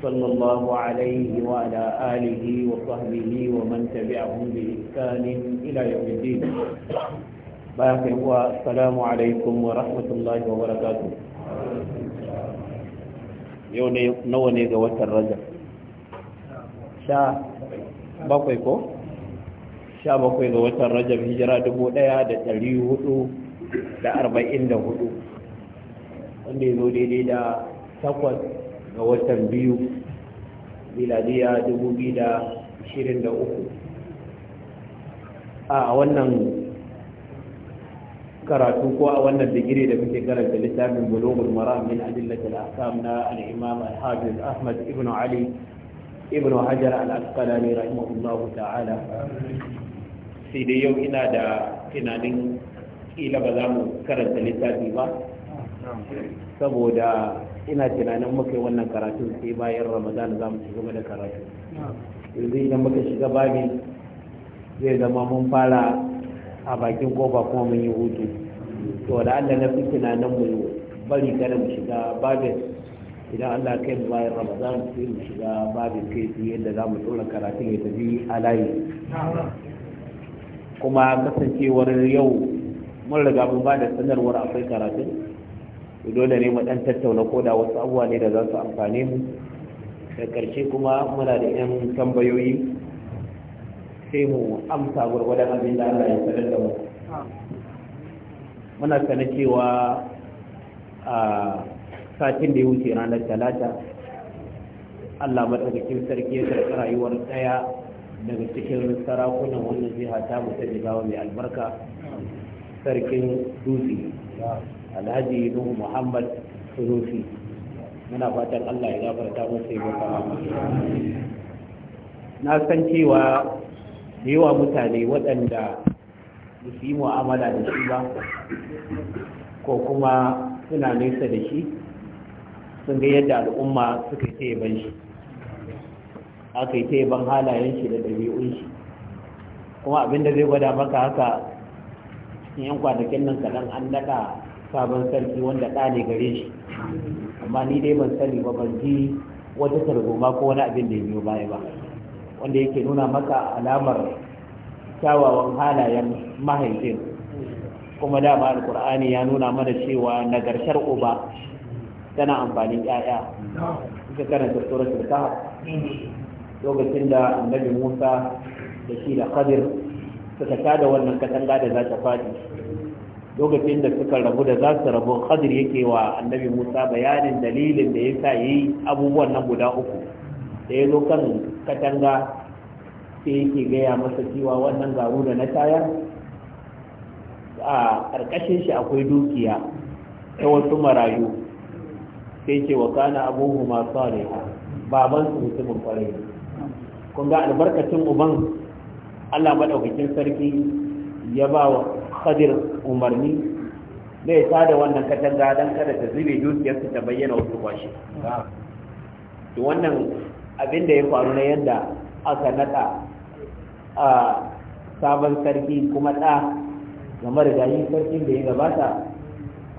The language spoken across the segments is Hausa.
صلى الله عليه وعلى آله وصحبه ومن تبعهم بإسكان إلى يوم الدين باقي السلام عليكم ورحمة الله وبركاته يوني نوني ذو الرجل شاء باقي شاء شا باقي قوات الرجل هجرة دبو ديا دا تليه هدو دا أربعين دا ذو دي دا تقوى ga watan biyu miladiya uku a wannan karatu ko a wannan digiri da muke karanta littafin bulugul maram min adillat al-ahkam na al-imam al-hafiz ahmad ibn ali ibn hajar al-asqalani rahimahullahu ta'ala sai dai yau ina da tunanin kila ba za mu karanta littafi ba saboda ina tunanin muka yi wannan karatu sai bayan ramadan za mu ci gaba da karatu yanzu idan muka shiga babi zai zama mun fara a bakin kofa kuma mun yi hutu to da allah na fi tunanin mu bari kada mu shiga babin idan allah kai mu bayan ramadan sai mu shiga babin kai su yadda za mu tsora karatun ya tafi a layi kuma kasancewar yau mun riga mun ba da sanarwar akwai karatun dole ne mu dan tattauna ko da wasu abubuwa ne da za su amfane mu da karshe kuma muna da 'yan tambayoyi sai mu amsa gwargwadon abin da Allah ya sanar da mu muna sanar cewa a satin da ya wuce ranar talata Allah madaukakin sarki ya karɓi rayuwar ɗaya daga cikin sarakunan wannan jiha ta mu ta jigawa mai albarka sarkin dutse alhaji nuhu muhammad surufi muna fatan allah ya gafarta musu ya gafa na san cewa da yawa mutane waɗanda ba su yi mu'amala da shi ba ko kuma suna nesa da shi sun ga yadda al'umma suka yi ban shi aka yi ta halayen shi da ɗabi'un shi kuma abinda zai gwada maka haka cikin yan kwanakin nan kaɗan an daɗa sabon sarki wanda ɗa ne gare shi amma ni dai ban sani ba ban ji wata targoma ko wani abin da ya biyo baya ba wanda yake nuna maka alamar kyawawan halayen mahaifin kuma dama alkur'ani ya nuna mana cewa nagarshar uba tana amfanin ƴaƴa ita kana suratul kahf lokacin da annabi Musa da shi da Khadir suka tada wannan katanga da za ta fadi lokacin da suka rabu da za su rabu hadir yake wa annabi musa bayanin dalilin da ya sa yi abubuwan nan guda uku da ya zo kan katanga sai yake gaya masa cewa wannan garu da na taya. a ƙarƙashin shi akwai dukiya ta wasu marayu sai ce wa kana abubu masu ne baban su mutumin kwarai kun ga albarkacin uban allah maɗaukakin sarki ya ba wa Kadir umarni ne ya da wannan katanga dan kada ta zube dukiyar ta bayyana wasu kwashi to wannan abin da ya faru na yadda aka naɗa a sabon sarki kuma da game da yi sarkin da ya gabata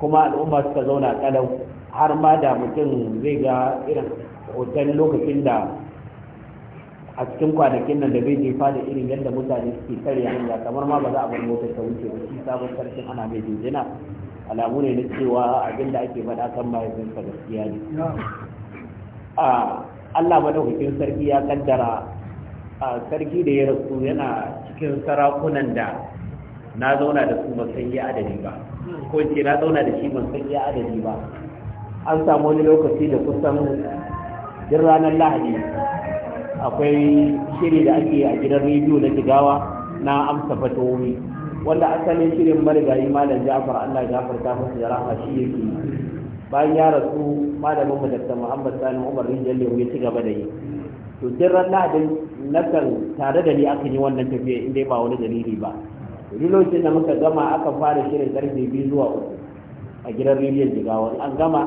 kuma al'umma suka zauna kalau har ma da mutum zai ga irin hoton lokacin da a cikin kwanakin nan da bai jefa da irin yadda mutane suke tsare hanya kamar ma ba za a bar mota ta wuce ba shi sabon sarkin ana mai jinjina alamu ne na cewa abin da ake faɗa kan mahaifinsa gaskiya ne Allah madaukakin sarki ya kaddara sarki da ya rasu yana cikin sarakunan da na zauna da su ban san ya adadi ba ko ce na zauna da shi ban san ya adadi ba an samu wani lokaci da kusan duk ranar lahadi akwai shiri da ake a gidan rediyo na jigawa na amsa fatowi wanda asalin shirin marigayi malam jafar allah jafar ta masa da rahama shi yake bayan ya rasu malamin mu dr muhammad sani umar rijiyar ya ci gaba da yi to sai ran lahadin nakan tare da ni aka yi wannan tafiya in dai ba wani dalili ba duk lokacin da muka gama aka fara shirin karfe biyu zuwa uku a gidan rediyon jigawa an gama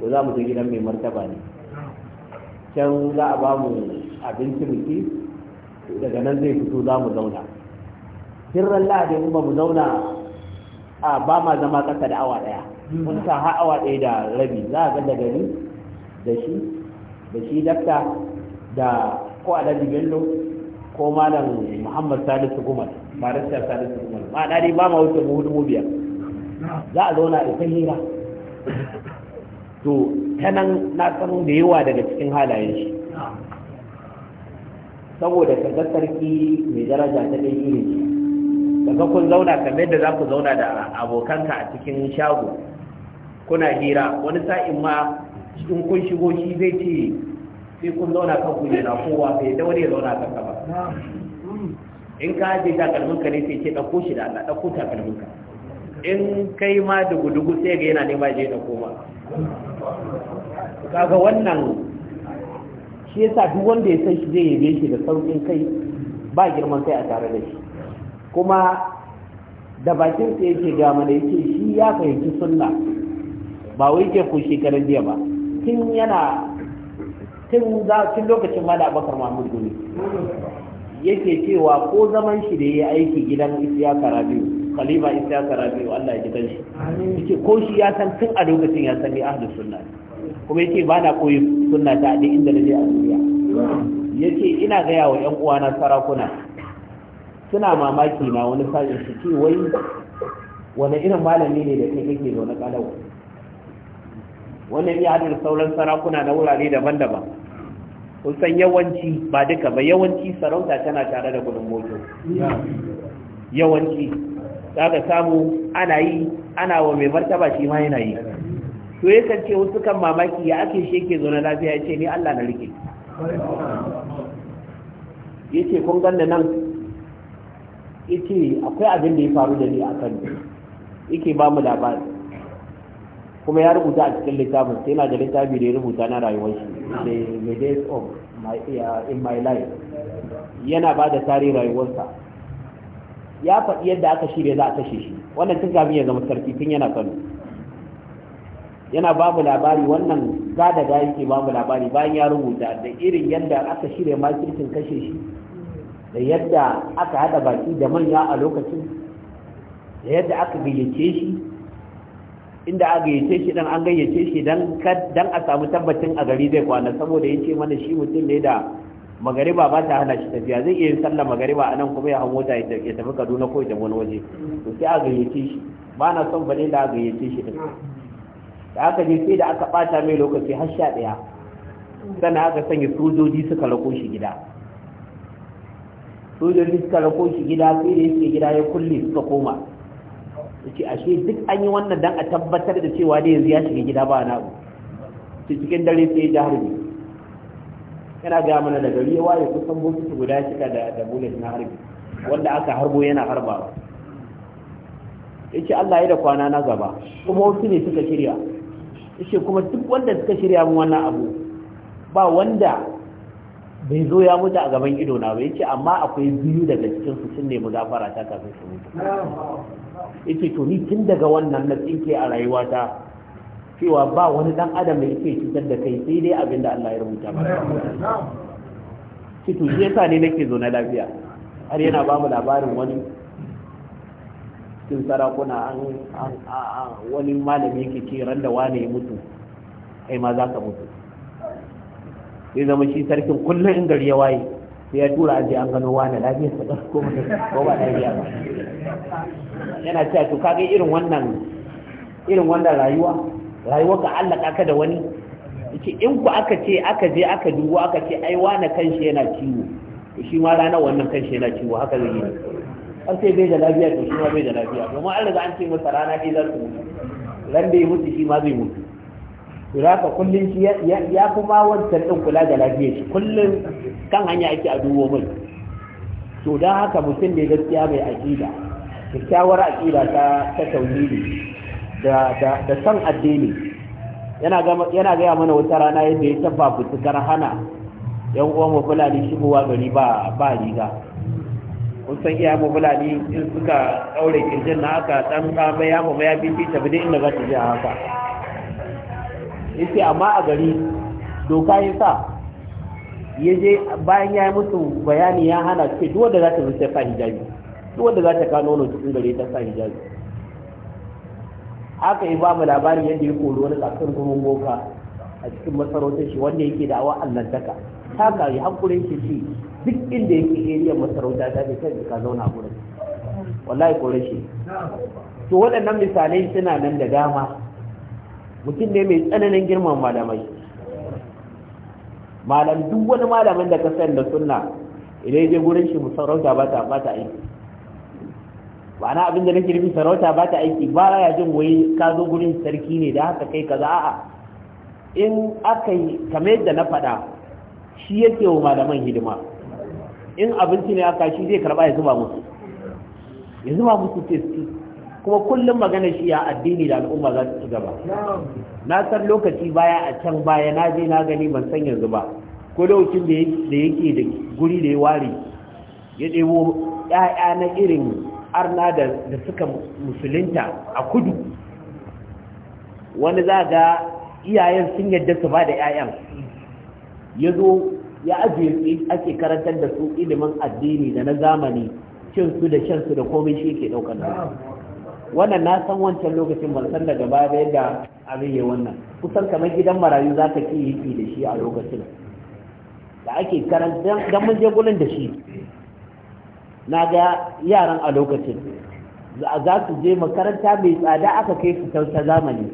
to za mu je gidan mai martaba ne can za a ba mu abinci biki daga nan zai fito za mu zauna hirran la'adin ba mu zauna a ba ma zama ƙasa da awa ɗaya mun ta ha awa ɗaya da rabi za a ga da gari da shi da shi dakta da ko alhaji bello ko malam muhammad salisu gumar barista salisu gumar ma ba ma wuce mu hudu mu biyar za a zauna a ita hira to ta nan na san da yawa daga cikin halayen shi saboda ga sarki mai daraja ta ɗaya irin da ka kun zauna kamar yadda za ku zauna da abokanka a cikin shago kuna hira wani sa'in ma in kun shigo shi zai ce sai kun zauna kan na kowa sai da wani ya zauna kan ba in ka je takalmin ka ne sai ce ɗauko shi da Allah ɗauko takalmin ka in kai ma dugu-dugu sai ga yana nema je ɗauko ba kaga wannan shi yasa duk wanda ya san shi zai yabe shi da saukin kai ba girman kai a tare da shi kuma da bakin sa yake ga mana yake shi ya fahimci sunna ba wai ke ku shekaran jiya ba tun yana tun za tun lokacin ma da abakar Mahmud Gumi yake cewa ko zaman shi da ya yi aiki gidan Isiya Rabiu in ya karabi wa Allah ya ji kanshi yake ko shi ya san tun a lokacin ya san ni ahlus sunna kuma yake ba na koyi sunna ta duk inda naje a duniya yake ina gaya wa ƴan uwana sarakuna suna mamaki na wani sa'in su ce wai wani irin malami ne da kai kake da wani kalau wannan ya da sauran sarakuna na wurare daban-daban kusan yawanci ba duka ba yawanci sarauta tana tare da gudun moto yawanci za samu ana yi ana wa mai martaba shi ma yana yi to ya kance wasu kan mamaki ya ake shi yake zaune lafiya ya ce ni Allah na rike ya ce kun ganda nan ya ce akwai abin da ya faru da ni a kan yake ba mu labari kuma ya rubuta a cikin littafin sai na da littafi da ya rubuta na rayuwar shi the days of my in my life yana ba da tarihin rayuwarsa ya faɗi yadda aka shirya za a kashe shi wannan tun kafin ya zama sarki tun yana kano yana babu labari wannan gada da yake babu labari bayan ya rubuta da irin yadda aka shirya makircin kashe shi da yadda aka hada baki da manya a lokacin da yadda aka gayyace shi inda aka gayyace shi dan an gayyace shi dan a samu tabbacin a gari zai kwana saboda ya ce mana shi mutum ne da magariba ba ta hana shi tafiya zai iya yin sallar magariba a nan kuma ya hau mota ya tafi kaduna ko ya tafi wani waje to sai a gayyace shi ba na son bane da a gayyace shi din da aka je sai da aka bata mai lokaci har sha ɗaya sannan aka sanya sojoji suka rako shi gida sojoji suka rako shi gida sai da yake gida ya kulle suka koma yace ashe duk an yi wannan dan a tabbatar da cewa da yanzu ya shiga gida ba na abu cikin dare sai ya ji harbi yana gaya mana da gari waye kusan su guda shida da da bullet na harbi wanda aka harbo yana harbawa yace Allah ya da kwana na gaba kuma wasu ne suka shirya yace kuma duk wanda suka shirya mun wannan abu ba wanda bai zo ya mutu a gaban ido na ba yace amma akwai biyu daga cikin su sun nemi gafara ta kafin su mutu yace to ni tun daga wannan na tsinke a rayuwata cewa ba wani dan adam da yake cutar da kai sai dai abin da Allah ya rubuta ba cito shi yasa ne nake zo na lafiya har yana ba mu labarin wani cikin sarakuna an wani malami yake ce ran da wane ya mutu kai ma za ka mutu sai zama shi sarkin kullum in gari ya waye sai ya tura aje an gano wane lafiyar sa ko ko ba lafiya ba yana cewa to kaga irin wannan irin wannan rayuwa rayuwar ka allaka ka da wani yace in ku aka ce aka je aka dubo aka ce ai wani kanshi yana ciwo shi ma ranar wannan kanshi yana ciwo haka zai yi har sai bai da lafiya to shi ma bai da lafiya domin an riga an ce masa rana ɗaya za su mutu ran da ya mutu shi ma zai mutu to za ka kullum shi ya fi ma wancan ɗin kula da lafiyar shi kullum kan hanya ake a dubo mai to don haka mutum ne gaskiya mai aƙida kyakkyawar aƙida ta ta tauhidi da san addini yana gaya mana wata rana yadda ya taba fitukar hana yan uwan mu fulani shigowa gari ba ba riga kun san iya mu fulani in suka daure kirjin na haka dan tsaba ya mu ya bibi ta bi inda za ta je haka yace amma a gari doka ya sa ya je bayan ya yi musu bayani ya hana ce duk wanda za ta zo sai sa hijabi duk wanda za ta kawo cikin gari ta sa hijabi haka ya ba mu labarin yadda ya kori wani tsakar gurin boka a cikin masarautar shi wanda yake da awa daka ta kare hankulin shi shi duk inda yake area masarauta ta ce sai ka zauna gurin wallahi kore shi to waɗannan misalai suna nan da dama mutum ne mai tsananin girman malamai malam duk wani malamin da ka san da sunna idan je gurin shi masarauta ba ta ba ta aiki ba na abin da nake nufi sarauta ba ta aiki ba ya jin wai ka zo gurin sarki ne da haka kai kaza a'a in aka yi kamar yadda na faɗa shi yake wa malaman hidima in abinci ne aka shi zai karɓa ya zuba musu ya zuba musu testi kuma kullum magana shi ya addini da al'umma za su ci gaba na san lokaci baya a can baya na je na gani ban san yanzu ba ko lokacin da yake da guri da ya ware ya ɗebo 'ya'ya na irin arna da suka musulunta a kudu wani za ga iyayen sun yadda su ba da 'ya'yan ya zo ya ajiye ake karantar da su ilimin addini da na zamani cin su da shan su da komai shi ke daukar da wannan na san wancan lokacin ban san daga baya ba yadda abin yi wannan kusan kamar gidan marayu za ka ki yi da shi a lokacin da ake karanta dan mun je gurin da shi na ga yaran a lokacin za su je makaranta mai tsada aka kai su ta zamani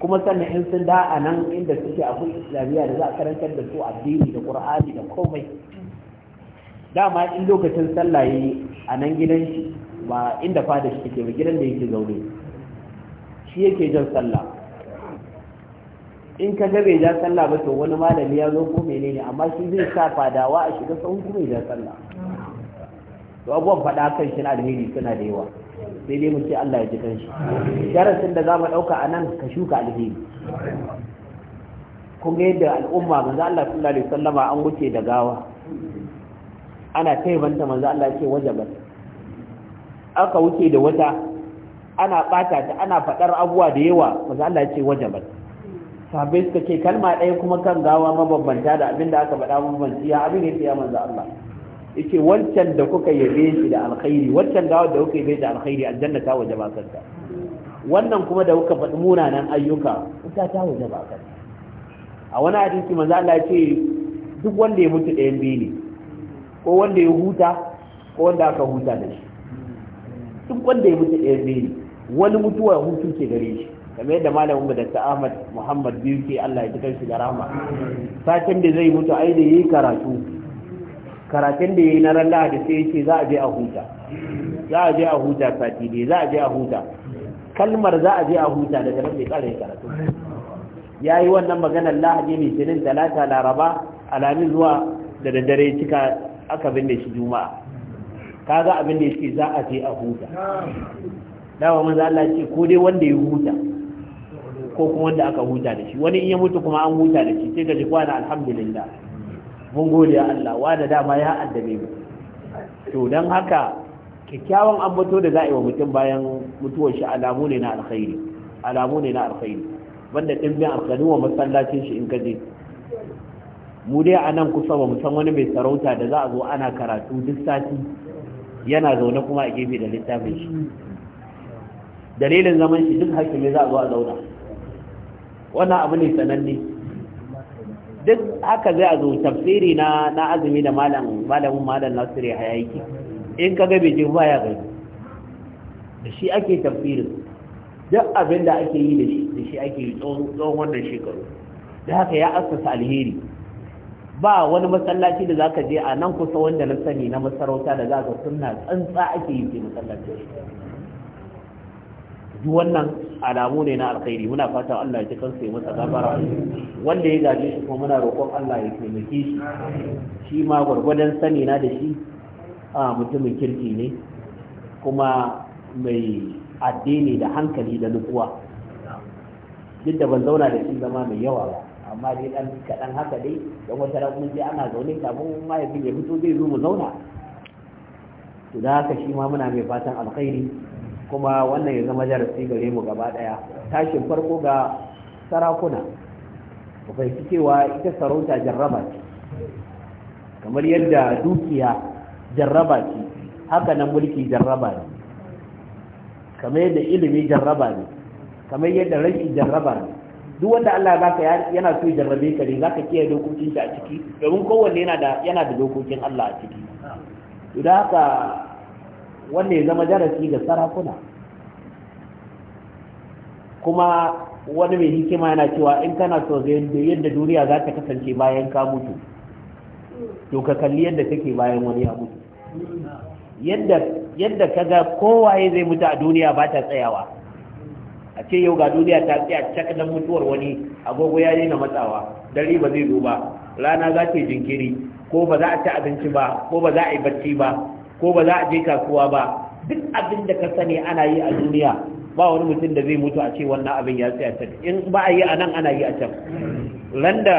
kuma sannan in sun da a nan inda suke akwai islamiyya da za a karantar da su addini da qur'ani da komai dama in lokacin sallah a nan gidan shi ba inda fada shi ke gidan da yake zaune shi yake jan sallah in ka ga bai ja sallah ba to wani malami ya zo ko menene amma shi zai sa fadawa a shiga sahun kuma ya ja sallah to abubuwan faɗa kan shi na alheri suna da yawa sai dai mu ce Allah ya ji kan shi darasin da za mu ɗauka a nan ka shuka alheri kun ga yadda al'umma manzo Allah sallallahu alaihi wasallama an wuce da gawa ana taibanta manzo Allah ce wajaba aka wuce da wata ana bata ta ana fadar abuwa da yawa manzo Allah ce wajaba sabai suka ce kalma ɗaya kuma kan gawa mabambanta da abinda aka faɗa mabambanci ya abin ne ya manzo Allah yake wancan da kuka yabe shi da alkhairi wancan da da kuka yabe da alkhairi aljanna ta waje bakanta wannan kuma da kuka faɗi munanan ayyuka ita ta waje bakanta a wani hadisi manzo Allah ya ce duk wanda ya mutu ɗayan biyu ne ko wanda ya huta ko wanda aka huta da shi duk wanda ya mutu ɗayan biyu ne wani mutuwa hutu ke gare shi kamar yadda malamin mu Dr. Ahmad Muhammad biyu ke Allah ya ji kanshi da rahama satin da zai mutu ai da yayi karatu karatun da ya yi na ran lahadi sai ya ce za a je a huta za a je a huta sati dai za a je a huta kalmar za a je a huta daga nan mai tsare karatu ya yi wannan maganar lahadi mai shirin talata laraba alamin zuwa da daddare cika aka binne shi juma'a kaga abin da ya yake za a je a huta dawa manzo Allah ce ko dai wanda ya huta ko kuma wanda aka huta da shi wani in ya mutu kuma an huta da shi sai ka ji kwana alhamdulillah mun gode ya Allah wa da dama ya addabe mu to dan haka kyakkyawan ambato da za a yi wa mutum bayan mutuwar shi alamu ne na alkhairi alamu ne na alkhairi banda wa masallacin shi in ka je mu dai a nan kusa ba mu san wani mai sarauta da za a zo ana karatu duk sati yana zaune kuma a gefe da littafin shi dalilin zaman shi duk hakimi za a zo a zauna wannan abu ne sananne duk haka zai a zo tafsiri na na azumi da malamin malam nasir ya hayaki, in ka gabe jin baya gani da shi ake tafsiri duk abin da ake yi da shi da shi ake yi tsawon wannan shekaru da haka ya assasa alheri ba wani masallaci da zaka je a nan kusa wanda na sani na masarauta da zaka sunna tsantsa ake yi ke masallaci duk wannan alamu ne na alkhairi muna fata Allah ya ci kansa ya masa gafara wanda ya gaje shi kuma muna roƙon Allah ya taimake shi shi ma gwargwadon sani na da shi a mutumin kirki ne kuma mai addini da hankali da nutsuwa duk da ban zauna da shi zama mai yawa ba amma dai dan kaɗan haka dai don wata ran mun je ana zaune kafin ma ya fito zai zo mu zauna to da haka shi ma muna mai fatan alkhairi kuma wannan ya zama darasi gare mu gaba daya tashin farko ga sarakuna ku fahimci cewa ita sarauta jarraba ce kamar yadda dukiya jarraba ce haka nan mulki jarraba ne kamar yadda ilimi jarraba ne kamar yadda rashi jarraba ne duk wanda Allah zaka yana so jarrabe ka ne zaka kiyaye dokokin shi a ciki domin kowanne yana da yana da dokokin Allah a ciki to haka wanda ya zama darasi ga sarakuna kuma wani mai hikima yana cewa in kana so yadda duniya za ta kasance bayan ka mutu to ka kalli yadda kake bayan wani ya mutu yadda ka ga kowaye zai mutu a duniya ba ta tsayawa a ce yau ga duniya ta tsaya cak dan mutuwar wani agogo ya daina matsawa dare ba zai zo ba rana za ta jinkiri ko ba za a ci abinci ba ko ba za a yi bacci ba ko ba za a je kasuwa ba duk abin da ka sani ana yi a duniya ba wani mutum da zai mutu a ce wannan abin ya a can in ba a yi a nan ana yi a can Landa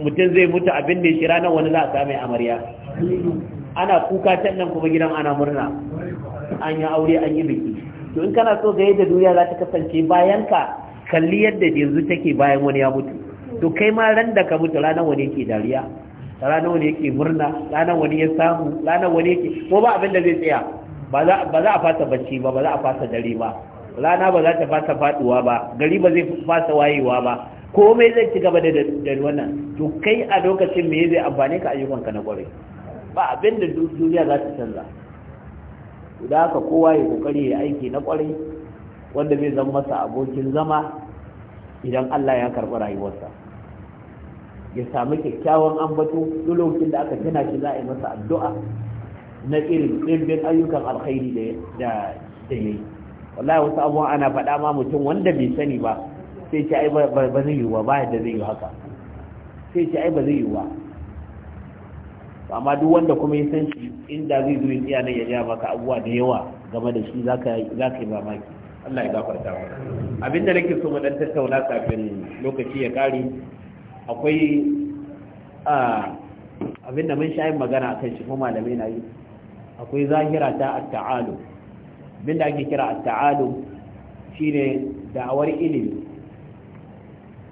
mutum zai mutu abin da ya shira ranar wani za a same amarya ana kuka can nan kuma gidan ana murna an yi aure an yi biki to in kana so ga yadda duniya za ta kasance bayan ka kalli yadda yanzu take bayan wani ya mutu to kai ma randa ka mutu ranar wani yake dariya ranar wani yake murna ranar wani ya samu ranar wani yake ko ba abin da zai tsaya ba za a fasa bacci ba ba za a fasa dare ba rana ba za ta fasa faduwa ba gari ba zai fasa wayewa ba komai zai ci gaba da wannan to kai a lokacin me zai amfane ka ayyukanka na kwarai ba abin da duniya za ta canza da haka kowa ya kokari ya aiki na kwarai wanda zai zama masa abokin zama idan Allah ya karɓi rayuwarsa ya samu kyakkyawan ambato lokacin da aka tana shi za a yi masa addu'a na irin ɗimbin ayyukan alkhairi da da yayi wallahi wasu abubuwa ana faɗa ma mutum wanda bai sani ba sai ce ai ba zai yi ba ba yadda zai yi haka sai ce ai ba zai yi ba amma duk wanda kuma ya san shi inda zai zo ya tsaya nan ya ja maka abubuwa da yawa game da shi zaka zaka yi mamaki Allah ya gafarta maka abinda nake so mu dan tattauna kafin lokaci ya kare akwai abinda mun sha yin magana akan shi kuma malamai na yi akwai zahira ta at-ta'alu abinda ake kira at-ta'alu shine da'awar ilimi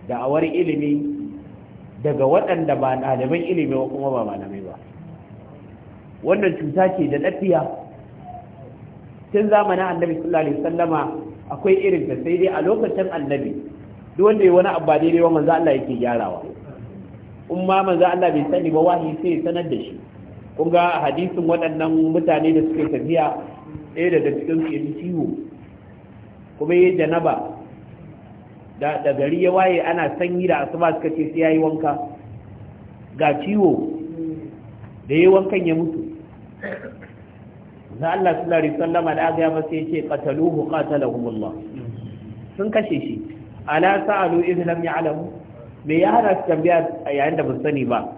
da'awar ilimi daga waɗanda ba ɗaliban ilimi ba kuma ba malamai ba wannan cuta ce da ɗafiya tun zamanin annabi sallallahu alaihi wasallama akwai irin ta sai dai a lokacin annabi duk wanda ya wani abu ba daidai ba manzo Allah yake gyarawa in ma manzo Allah bai sani ba wahi sai sanar da shi kun ga hadisin waɗannan mutane da suke tafiya ɗaya daga cikin su yaji ciwo kuma yayi janaba da da gari ya waye ana sanyi da asuba suka ce sai yayi wanka ga ciwo da yayi wankan ya mutu da Allah sallallahu alaihi wasallama da aka ya masa yace qataluhu qatalahumullah sun kashe shi ala sa'alu idh lam ya'lamu me ya hana su tambaya yayin da ba sani ba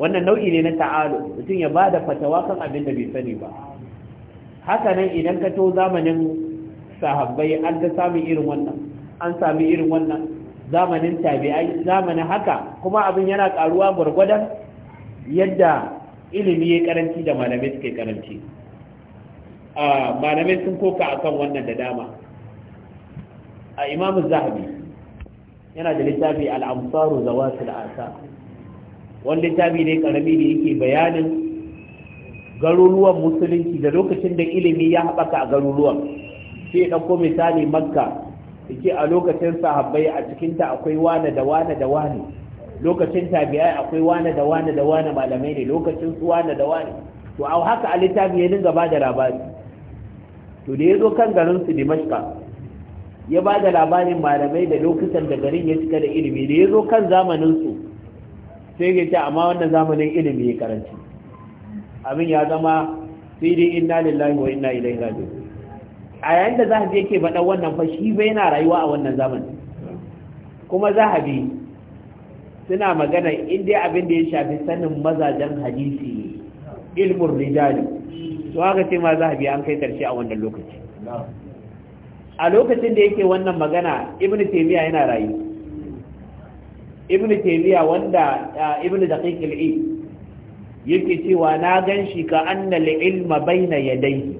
wannan nau'i ne na ta'alu mutum ya bada fatawa kan abin da bai sani ba haka nan idan ka to zamanin sahabbai an ga samu irin wannan an sami irin wannan zamanin tabi'ai zamanin haka kuma abin yana karuwa gwargwadon yadda ilimi ya karanci da malamai suke karanci ah, malamai sun koka akan wannan da dama a imam zahabi yana da littafi al'amsaru da asa wanda littafi ne karami da yake bayanin garuruwan musulunci da lokacin da ilimi ya haɓaka a garuruwan sai ɗauko misali makka yake a lokacin sahabbai a cikinta akwai wane da wane da wane lokacin tabi'ai akwai wane da wane da wane malamai ne lokacin su wane da wane to a haka a littafi ya dinga ba da labari to da ya zo kan garin su dimashka ya ba da labarin malamai da lokutan da garin ya cika da ilimi da ya zo kan zamaninsu sai ya ce amma wannan zamanin ilimi ya karanci abin ya zama sai dai inna lillahi wa inna ilaihi raji'un a yayin da zahabi yake faɗan wannan fa shi bai yana rayuwa a wannan zamanin kuma zahabi suna magana in dai abin da ya shafi sanin mazajen hadisi ilmun rijali to haka ce ma zahabi an kai karshe a wannan lokaci a lokacin da yake wannan magana ibnu taymiya yana rayu ibnu taymiya wanda ibnu daqiq al i yake cewa na gan shi ka annal ilma bayna yadayhi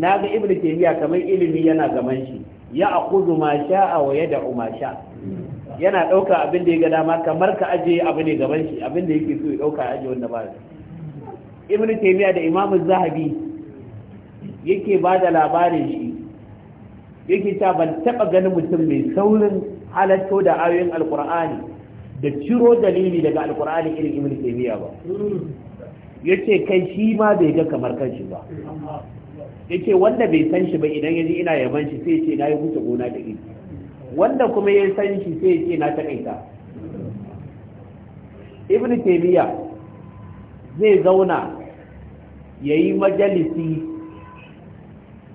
na ga ibnu taymiya kamar ilimi yana gaban shi ya aqudu ma sha'a wa yad'u ma sha yana dauka abin da ya ga dama kamar ka aje abu ne gaban shi abin da yake so ya dauka aje wanda ba ibnu taymiya da imamu zahabi yake ba da labarin shi yake ta ban taba ganin mutum mai saurin halatto da ayoyin alkur'ani da ciro dalili daga alkur'ani irin ibn taymiya ba yace kai shi ma bai ga kamar kanshi ba yace wanda bai san shi ba idan yaji ina yaban shi sai ce nayi huce gona da iri wanda kuma ya san shi sai ce na kaita ibn taymiya zai zauna yayi majalisi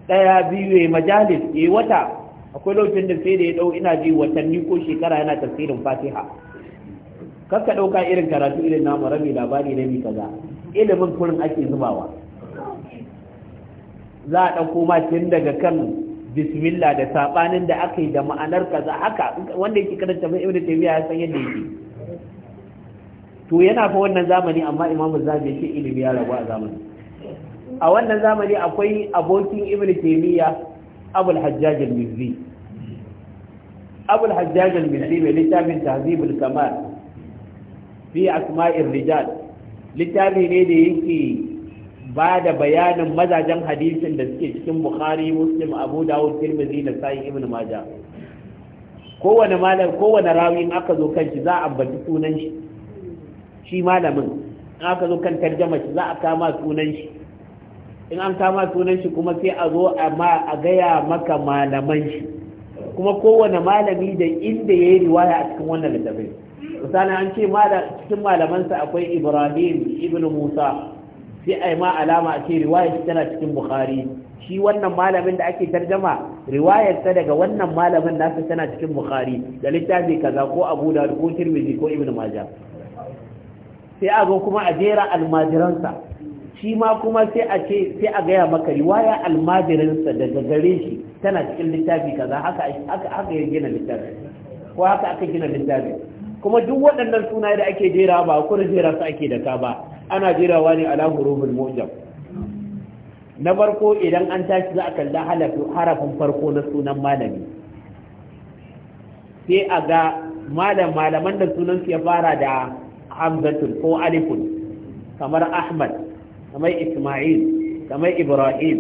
ɗaya biyu ya yi majalis ya wata akwai lokacin da sai da ya ɗau ina ji watanni ko shekara yana tafsirin fatiha ka ɗauka irin karatu irin namu rabi labari na mi kaza ilimin kurin ake zubawa za a ɗauko ma tun daga kan bismillah da saɓanin da aka yi da ma'anar kaza haka wanda yake karanta mai ibnu taymiya ya san yadda yake to yana fa wannan zamani amma imamu zabi ce ilimi ya rabu a zamani a wannan zamani akwai abokin ibn taymiya abul hajjaj al-mizzi abul hajjaj al-mizzi mai littafin tahzibul kamal fi asma'ir rijal littafi ne da yake ba da bayanin mazajen hadisin da suke cikin bukhari muslim abu dawud tirmidhi da sai ibn majah kowane malam kowane rawi in aka zo kan shi za a ambaci sunan shi shi malamin in aka zo kan tarjama shi za a kama sunan shi in an kama sunan shi kuma sai a zo a gaya maka malaman shi kuma kowane malami da inda ya yi riwaya a cikin wannan littafin misali an ce cikin malamansa akwai ibrahim ibn musa sai a ma alama a ce shi tana cikin bukhari shi wannan malamin da ake tarjama riwayar ta daga wannan malamin nasa tana cikin bukhari da littafi kaza ko abu da ko tirmidhi ko ibn majah sai a zo kuma a jera almajiransa shi ma kuma sai a ce sai a gaya maka riwaya almajirinsa daga gare shi tana cikin littafi kaza haka haka ya gina littafi ko haka aka gina littafi kuma duk waɗannan suna da ake jera ba ko jera su ake da ka ba ana jerawa ne ala hurufin mujam na farko idan an tashi za a kalla harafin farko na sunan malami sai a ga malam malaman da sunan su ya fara da hamzatul ko alifun kamar ahmad kamar Ismail kamar Ibrahim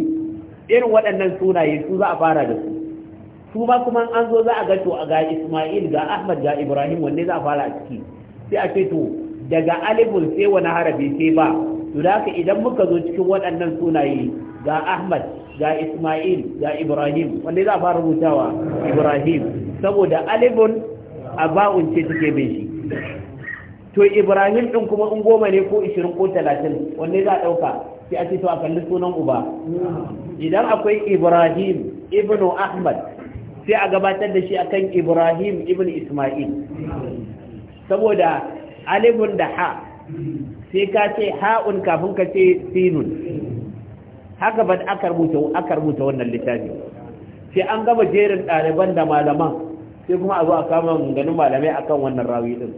irin waɗannan sunaye su za a fara da su su ma kuma an zo za a ga to ga Ismail ga Ahmad ga Ibrahim wanne za a fara a ciki sai a ce to daga alibun sai wani harabi sai ba to da haka idan muka zo cikin waɗannan sunaye ga Ahmad ga Ismail ga Ibrahim wanne za a fara rubutawa Ibrahim saboda alibun a ba'un ce take bin shi to ibrahim din kuma in goma ne ko ishirin ko talatin wanne za a ɗauka sai a ce to a kalli sunan uba idan akwai ibrahim ibnu ahmad sai a gabatar da shi akan ibrahim ibnu isma'il saboda alifun da ha sai ka ce ha'un kafin ka ce sinun haka ba aka rubuta wannan littafi sai an gaba jerin ɗaliban da malaman sai kuma a zo a kama ganin malamai akan wannan rawi din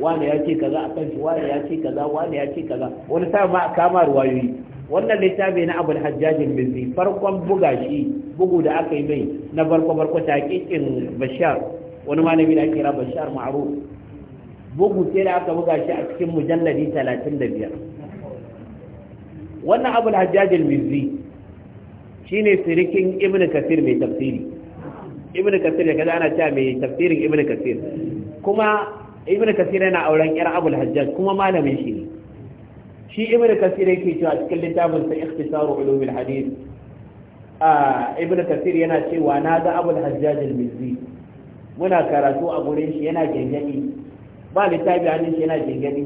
wani ya ce kaza a kanshi wani ya ce kaza wani ya ce kaza wani ta ma a kama ruwayoyi wannan littafi na abul hajjajin mizi farkon buga shi bugu da aka yi mai na barko barko ta kikin bashar wani malami da ake bashar ma'ruf bugu sai da aka buga shi a cikin mujalladi 35 wannan abul hajjajin mizi shine sirikin ibnu kasir mai tafsiri ibnu kasir da kaza ana cewa mai tafsirin ibnu kasir kuma ibnu kasir yana auren yar abul hajjaj kuma malamin shi ne shi ibnu kasir yake cewa cikin littafin sa ikhtisaru al hadith a ibnu kasir yana cewa na ga abul hajjaj al-mizzi muna karatu a gurin shi yana gengedi ba littafi hannun shi yana gengedi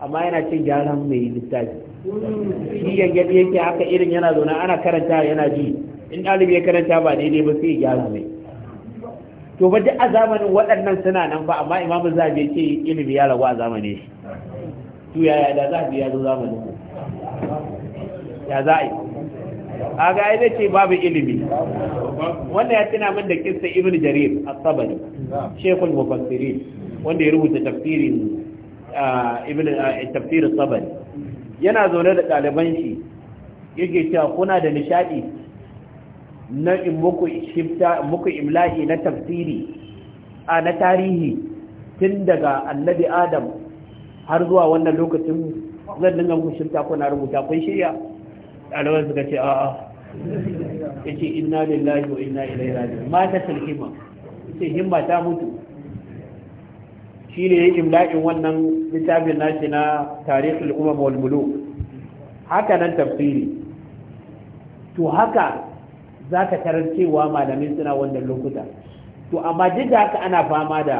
amma yana cin gyaran mai littafi shi gengedi yake haka irin yana zaune ana karanta yana ji in ɗalibi ya karanta ba daidai ba sai ya gyara mai to ba duk a zamanin waɗannan suna nan ba amma imamu zabi ce ilimi ya ragu a zamani shi to yaya da a biya zo zamanin ku ya za a yi a ga zai ce babu ilimi wanda ya tuna min da kissa ibn jarir as-sabari shekul mufassiri wanda ya rubuta tafsirin ah, ibn ah, tafsir as-sabari yana zaune da ɗaliban shi yake cewa kuna da nishadi na in muku shifta muku imla'i na tafsiri a na tarihi tun daga annabi adam har zuwa wannan lokacin zan dinga muku shifta na rubuta kun shirya ɗaliban suka ce a'a ya ce inna lillahi wa inna ilaihi raji'un mata sulhima ce himma ta mutu shi ne ya imla'in wannan littafin nashi na tarihul umar wal haka nan tafsiri to haka za ka tarar cewa malamai suna wannan lokuta to amma duk da haka ana fama da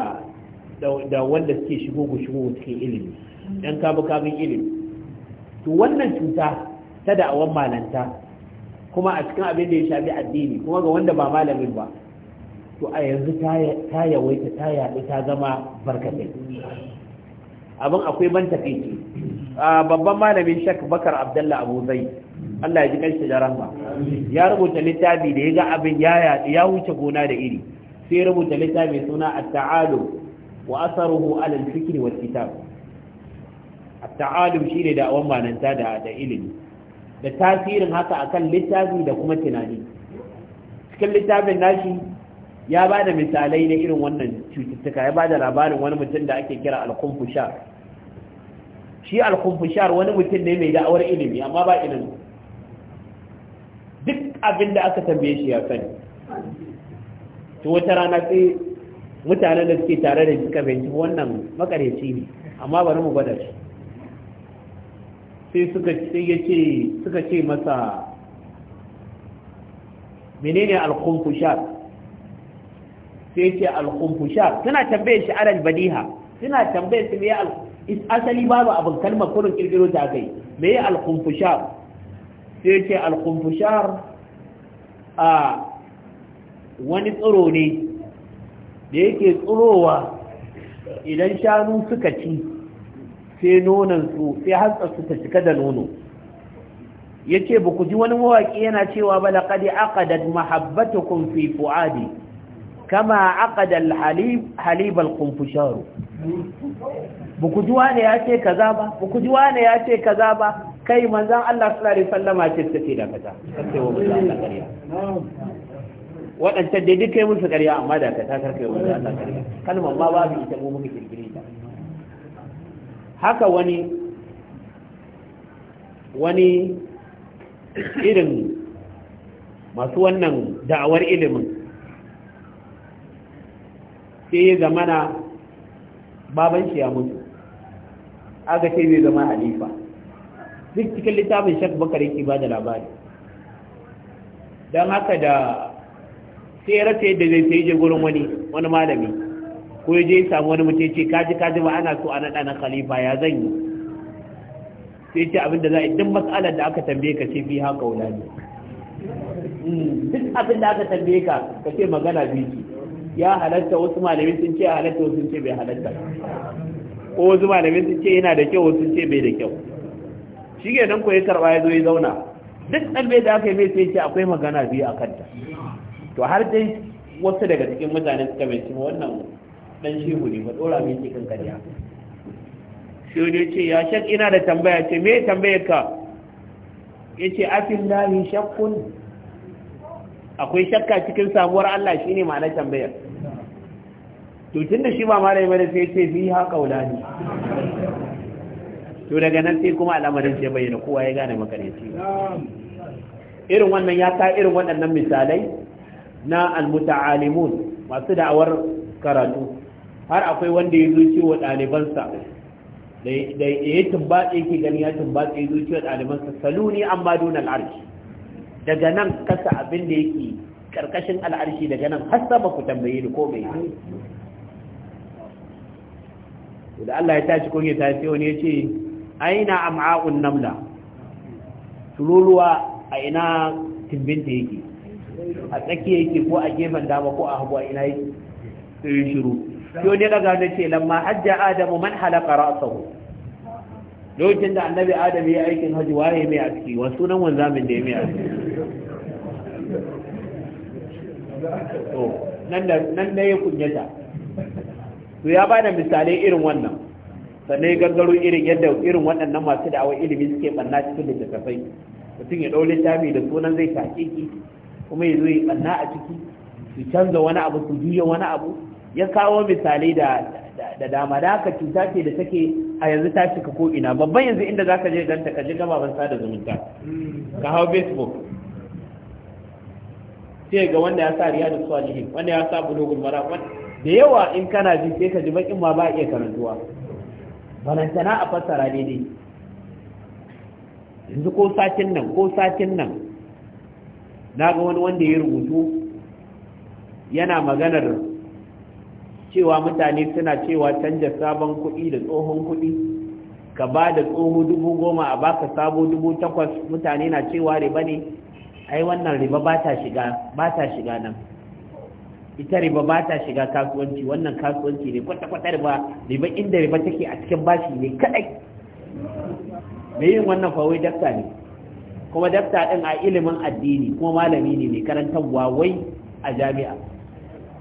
da wanda suke shigo ku shigo cikin ilimi dan kabu kabin ilimi to wannan cuta ta da'awan malanta kuma a cikin abin da ya shafi addini kuma ga wanda ba malamin ba to a yanzu ta yawaita ta yaɗu ta zama barkatai abin akwai ban takaici ah, babban malamin shak bakar abdallah abu zai Allah ya ji kanshi da rahma ya rubuta littafi da ya ga abin ya ya wuce gona da iri sai rubuta littafi suna at-ta'alu wa asaruhu ala al-fikri wal kitab at-ta'alu shine da awan mananta da da ilimi da tasirin haka akan littafi da kuma tunani cikin littafin nashi ya ba da misalai na irin wannan cututtuka ya ba da labarin wani mutum da ake kira al-kumfushar shi al-kumfushar wani mutum ne mai da'awar ilimi amma ba ilimi abin da aka tambaye shi ya sani to wata rana sai mutanen da suke tare da suka fahimci wannan makareci ne amma bari mu gwada shi sai suka ya ce suka ce masa menene al-khumfushat sai ce al-khumfushat suna tambaye shi alal badiha suna tambaye su me asali babu abin kalmar kurin kirkiro ta kai me al-khumfushat sai ce al-khumfushat a wani tsiro ne da yake tsirowa idan shanu suka ci sai nonansu sai hantsarsu ta cika da nono ya ce ba ku ji wani mawaƙi yana cewa ba laƙadi aƙadar mahabbatukun fi fu'adi kama aƙadar halibar kumfusharu ba ku ji wane ya ce kaza ba ba ku ji wane ya ce kaza ba kai manzon Allah sallallahu alaihi wasallam ce ta ce da kaza sai wa manzon Allah kariya waɗancan dai duk kai musu kariya amma da ka ta karkai wani Allah kariya kalmar ma babu ita mu muka kirkire ta haka wani wani irin masu wannan da'awar ilimin sai ya zamana baban shi ya mutu Aga sai zai zama halifa duk cikin littafin shek bakar yake ba da labari don haka da sai rasa yadda zai sai je gurin wani wani malami ko ya je samu wani mutum ce kaji kaji ba ana so a naɗa na khalifa ya zan yi sai ce abinda za a yi duk matsalar da aka tambaye ka ce fi haka wula ne hmm, duk abin da aka tambaye ka ka ce magana biki ya halatta wasu malami sun ce halatta wasu sun ce bai halatta ko wasu malamai sun ce yana da kyau wasu ce bai da kyau shi ke nan ko ya karɓa ya zo ya zauna duk ɗalibin da aka yi mai sai ce akwai magana biyu a kanta to har dai wasu daga cikin mutane suka mai cima wannan dan shi ne ba ɗora mai ce kan kariya shi ne ce ya shak ina da tambaya ce me tambayar ka ya ce afin lahi shakkun akwai shakka cikin samuwar Allah shine ma'anar tambayar to tun da shi ba malami mara sai ce fi ha ne. to daga nan sai kuma al'amarin sai bayyana kowa ya gane makareci irin wannan ya ta irin waɗannan misalai na almuta'alimun masu da'awar karatu har akwai wanda ya zuci wa ɗalibansa da ya tumbatsi ke gani ya tumbatsi ya zuci wa ɗalibansa saluni amma duna al'arshi daga nan kasa abin da yake karkashin al'arshi daga nan har saba ku tambaye ni ko mai da Allah ya tashi kun ya tashi wani ya ce aina am'a'un namla tururuwa a ina timbinta yake a tsakiya yake ko a gefen dama ko a hagu a ina yake shiru yau ne daga wanda ce lamma hajja adamu man halaka ra'sahu lokacin da annabi adam ya aikin hajji waye mai aski wa sunan wanzamin da ya mai aski nan da ya kunyata to ya bada misalai irin wannan sannan ya gangaro irin yadda irin waɗannan masu awon ilimi suke ɓanna cikin littattafai mutum ya ɗaure tami da sunan zai take ki kuma ya zo ya ɓanna a ciki su canza wani abu su juya wani abu ya kawo misalai da da dama da haka cuta ce da take a yanzu ta cika ko ina babban yanzu inda zaka je ganta ka je gaba ban sada zumunta ka hau facebook sai ga wanda ya sa riya da jihin wanda ya sa bulogun mara da yawa in kana ji sai ka ji bakin ma ba iya karantuwa Barantana a fassara daidai yanzu ko satin nan ko satin nan na ga wani wanda ya rubutu yana maganar cewa mutane suna cewa canja sabon kuɗi da tsohon kuɗi ka ba da tsoho dubu goma a baka sabo dubu takwas mutane na cewa riba ne ai wannan riba ba ta shiga nan ita riba ba ta shiga kasuwanci wannan kasuwanci ne kwata-kwata riba riba inda riba take a cikin bashi ne kadai mai yin wannan fawai dafta ne kuma dafta din a ilimin addini kuma malami ne mai karantar wawai a jami'a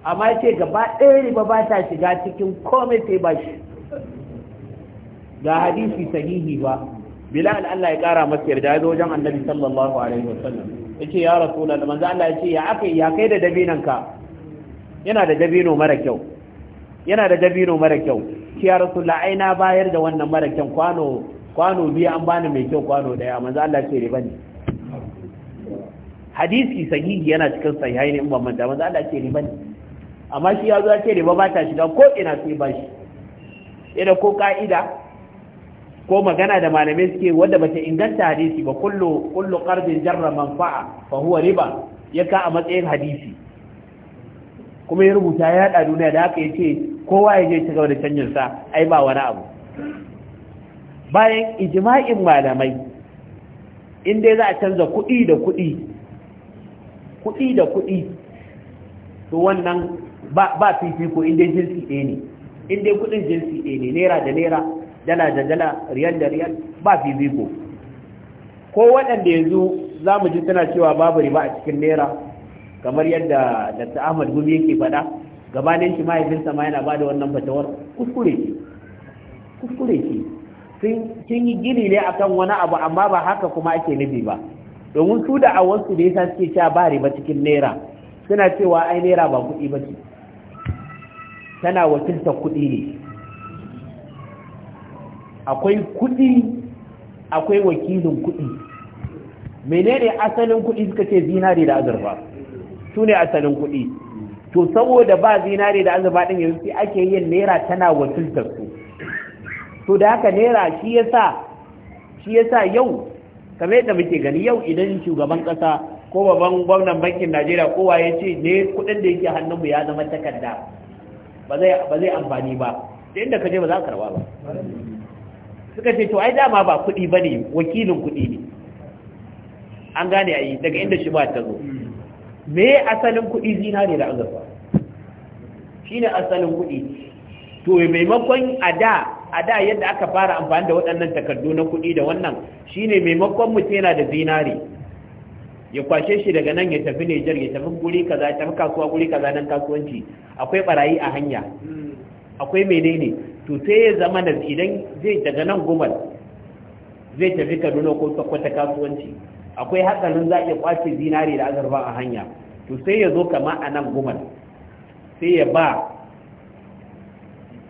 amma ya ce gaba ɗaya riba ba ta shiga cikin komai sai bashi ga hadisi sahihi ba bilal Allah ya kara masa yarda ya zo wajen annabi sallallahu alaihi wasallam yace ya rasulullah manzo Allah yace ya akai ya kai da dabinanka. yana da dabino mara kyau yana da dabino mara kyau ki ya rasulullah ai na bayar da wannan mara kyau kwano kwano biya an bani mai kyau kwano daya manzo Allah ce riba ne hadisi sahihi yana cikin sahihaini in ban manta manzo Allah ce riba ne amma shi ya zo ya ce riba ba ta shiga ko ina sai ba shi Ina ko ka'ida ko magana da malamai suke wanda bata inganta hadisi ba kullu kullu qardin jarra manfa'a fa huwa riba ya a matsayin hadisi kuma ya rubuta ya yada duniya da haka yace kowa ya je cigaba da canjin sa ai ba wani abu bayan ijma'in malamai in dai za a canza kuɗi da kuɗi kuɗi da kuɗi to wannan ba ba fifiko in dai jinsi ɗaya ne inda kuɗin jinsi ɗaya ne naira da naira dala da dala riyal da riyal ba fifiko ko waɗanda yanzu za mu ji suna cewa babu riba a cikin naira kamar yadda Dr. Ahmad Gumi yake faɗa gabanin shi mahaifinsa ma yana bada wannan fatawar kuskure ce kuskure ce sun yi gini ne akan wani abu amma ba haka kuma ake nufi ba domin su da awansu da yasa suke cewa ba riba cikin naira suna cewa ai naira ba kuɗi ba ce tana wakilta kuɗi ne akwai kuɗi akwai wakilin kuɗi menene asalin kuɗi suka ce zinari da azurfa su ne asalin kuɗi to saboda ba zinare da azaba ɗin yanzu sai ake yin naira tana wakiltar su to da haka naira shi ya shi yau kamar yadda muke gani yau idan shugaban ƙasa ko babban gwamnan bankin Najeriya kowa ya ce ne kuɗin da yake hannunmu ya zama takarda ba zai amfani ba da inda ka je ba za ka karba ba suka ce to ai dama ba kuɗi ba ne wakilin kuɗi ne an gane a yi daga inda shi ba ta zo me asalin kuɗi zinare da azurfa shi ne asalin kuɗi to maimakon a da yadda aka fara amfani da waɗannan takardu na kuɗi da wannan shi ne maimakon mutum yana da zinare ya kwashe shi daga nan ya tafi Nijar ya tafi guri kaza ya tafi kasuwa guri kaza don kasuwanci akwai barayi a hanya akwai menene to sai ya zama da idan zai daga nan gomar zai tafi Kaduna ko Sokoto kasuwanci akwai hatsarin za iya kwace zinare da azurfa a hanya to sai ya zo kama a nan goma sai ya ba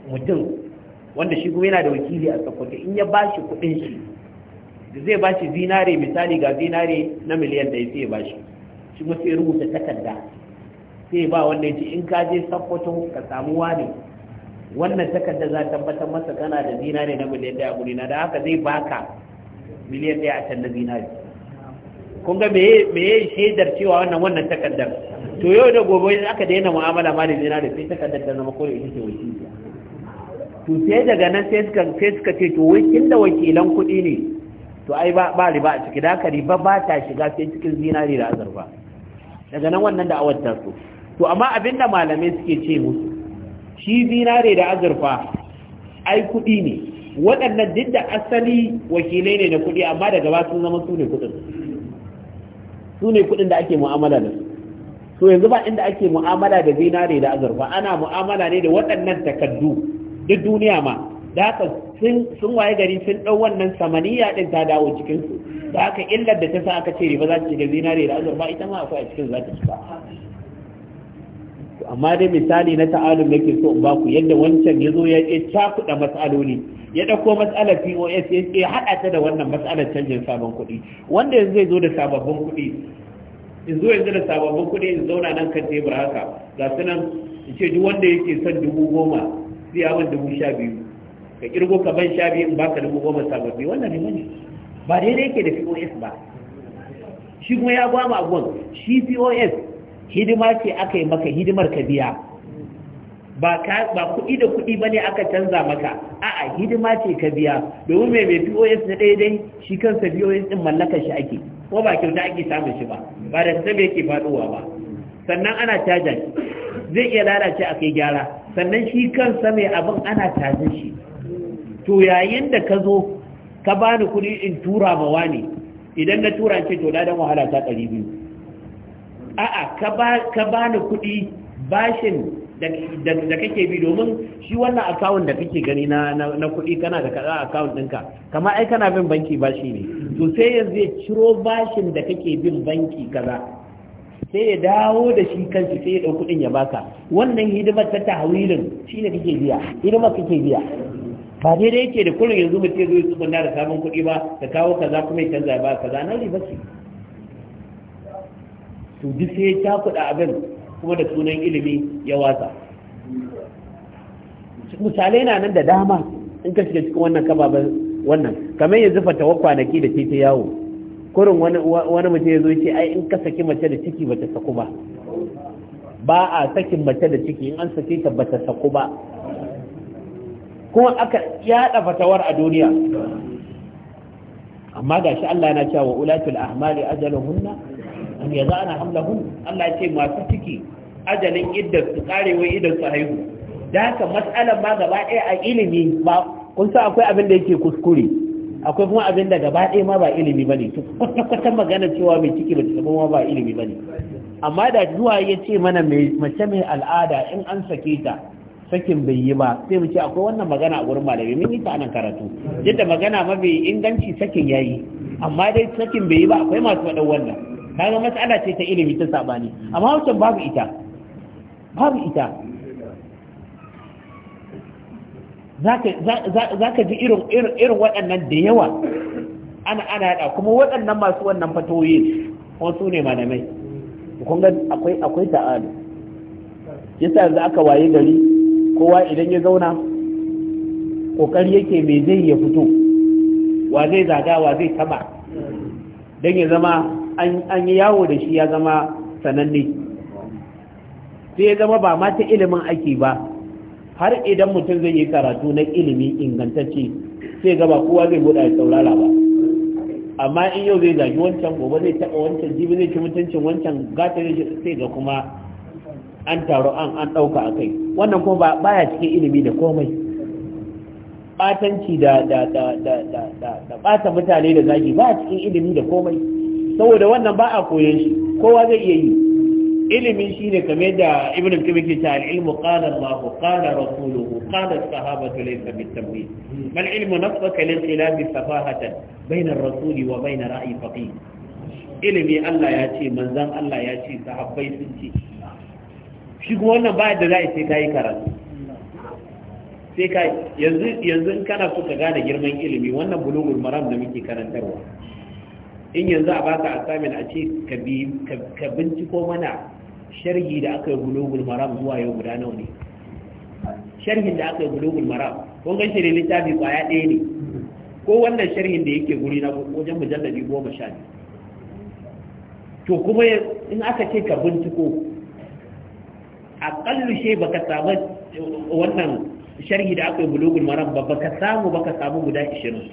mutum wanda shi kuma yana da wakili a tsakwata in ya ba shi kudin shi da zai ba shi zinare misali ga zinare na miliyan ɗaya sai ya ba shi shi kuma sai rubuta takarda sai ba wanda ya ce in ka je tsakwato ka samu wani wannan takarda za tabbatar masa kana da zinare na miliyan ɗaya a gurina da haka zai baka miliyan ɗaya a can na zinare kun ga meye shaidar cewa wannan wannan takardar to yau da gobe aka daina mu'amala ma da sai takardar da na da ita ce wakiliya to sai daga nan sai suka sai suka ce to wakil da wakilan kuɗi ne to ai ba ba riba a ciki da haka riba ba ta shiga sai cikin zinari da azurfa daga nan wannan da awar ta so to amma abin da malamai suke ce musu shi zinare da azurfa ai kuɗi ne waɗannan duk da asali wakilai ne na kuɗi amma daga ba sun zama su ne kuɗin su ne kuɗin da ake mu'amala da su to yanzu ba inda ake mu'amala da zinare da azurfa ana mu'amala ne da waɗannan takaddu duk duniya ma da haka sun waye gari sun ɗau wannan samaniya ɗin ta dawo cikinsu da haka illar da ta sa aka ce riba za ta shiga zinare da azurfa ita ma akwai a cikin za ta shiga amma dai misali na ta'alum nake so in baku yadda wancan ya zo ya cakuɗa matsaloli ya ɗauko matsalar pos ya haɗa ta da wannan matsalar canjin sabon kuɗi wanda yanzu zai zo da sababbin kuɗi in zo yanzu da sababbin kuɗi in zauna nan kan tebur haka ga su nan in ce duk wanda yake son dubu goma sai ya ban dubu sha biyu ka kirgo ka ban sha biyu in baka dubu goma sababbi wannan ne wani ba daidai yake da pos ba shi kuma ya gwama abuwan shi pos hidima ce aka yi maka hidimar ka biya ba kuɗi da kuɗi ba ne aka canza maka a'a hidima ce ka biya domin mai mai pos na ɗaya dai shi kansa pos ɗin mallakar shi ake ko ba kyauta ake samu shi ba ba da sabe yake faɗowa ba sannan ana caja zai iya lalace a kai gyara sannan shi kansa mai abin ana cajin shi to yayin da ka zo ka bani kuɗi in tura ma wani idan na tura ce to da wahala ta ɗari biyu a'a ka ba ni kuɗi bashin da kake bi domin shi wannan akawun da kake gani na kuɗi kana da kaza akawun ɗinka kama ai kana bin banki bashi ne to sai yanzu ya ciro bashin da kake bin banki kaza sai ya dawo da shi kansu sai ya ɗau kudin ya baka wannan hidimar ta tahawilin shi ne kake biya hidimar kake biya ba daidai yake da kullum yanzu mutum zai tsubunna da sabon kuɗi ba ka kawo kaza kuma ya canza ba kaza na riba ce to duk sai ya kuɗa abin kuma da sunan ilimi ya watsa misalai na nan da dama in ka shiga cikin wannan ba wannan kamar yanzu fatawa kwanaki da titi yawo kurin wani wani mutum ya zo ce ai in ka saki mace da ciki bata saku ba ba a sakin mace da ciki in an saki ta bata saku ba kuma aka yada fatawar a duniya amma gashi Allah yana cewa ulatul ahmali ajaluhunna ya za ana hamlahun Allah ce masu ciki ajalin iddar su karewa idan su haihu da haka matsalar ma gaba ɗaya a ilimi ba kun sa akwai abin da yake kuskure akwai kuma abin da gaba ɗaya ma ba ilimi bane to kwata magana cewa mai ciki ba ta ma ba ilimi bane amma da zuwa ya ce mana mace mai al'ada in an sake ta sakin bai yi ba sai mu ce akwai wannan magana a gurin malami mun yi ta nan karatu yadda magana mafi inganci sakin yayi amma dai sakin bai yi ba akwai masu faɗin wannan kaga mas'ala ce ta ilimi ta sabani amma wancan babu ita babu ita za ka ji irin waɗannan da yawa ana ana yada kuma waɗannan masu wannan fatoyi wasu ne malamai kun ga akwai akwai Ya yasa yanzu aka waye gari kowa idan ya zauna kokari yake me zai ya fito wa zai zaga wa zai taba don ya zama an yi yawo da shi ya zama sananne sai ya zama ba ma ta ilimin ake ba har idan mutum zai yi karatu na ilimi ingantacce sai gaba kowa zai buɗa ya saurara ba amma in yau zai zagi wancan gobe zai taɓa wancan jibi zai ci mutuncin wancan gata sai ga kuma an taro an an ɗauka a kai wannan kuma ba baya cikin ilimi da komai ɓatanci da da da da da da ɓata mutane da zagi ba cikin ilimi da komai saboda wannan ba a koyon shi kowa zai iya yi ilimin shi ne kamar da ibn al ke yake cewa ilmu qala Allah qala rasuluhu qala sahabatu laysa bit-tamwil bal ilmu nafsaka lil-khilaf safahatan bayna ar-rasul wa bayna ra'i faqih ilimi Allah ya ce manzon Allah ya ce sahabbai sun ce shi kuma wannan ba da za'i sai kai karatu sai kai yanzu yanzu kana so ka gane girman ilimi wannan bulugul maram da muke karantarwa in yanzu a baka assignment a ce ka binciko mana sharhi da aka yi bulogul maram zuwa yau guda nawa ne sharhin da aka yi bulogul maram kun gan ne littafi kwaya ɗaya ne ko wannan sharhin da yake guri na wajen mujallabi goma sha biyu to kuma in aka ce ka binciko aƙallu ba baka samu wannan sharhi da aka yi bulogul maram ba baka samu baka samu guda ishirin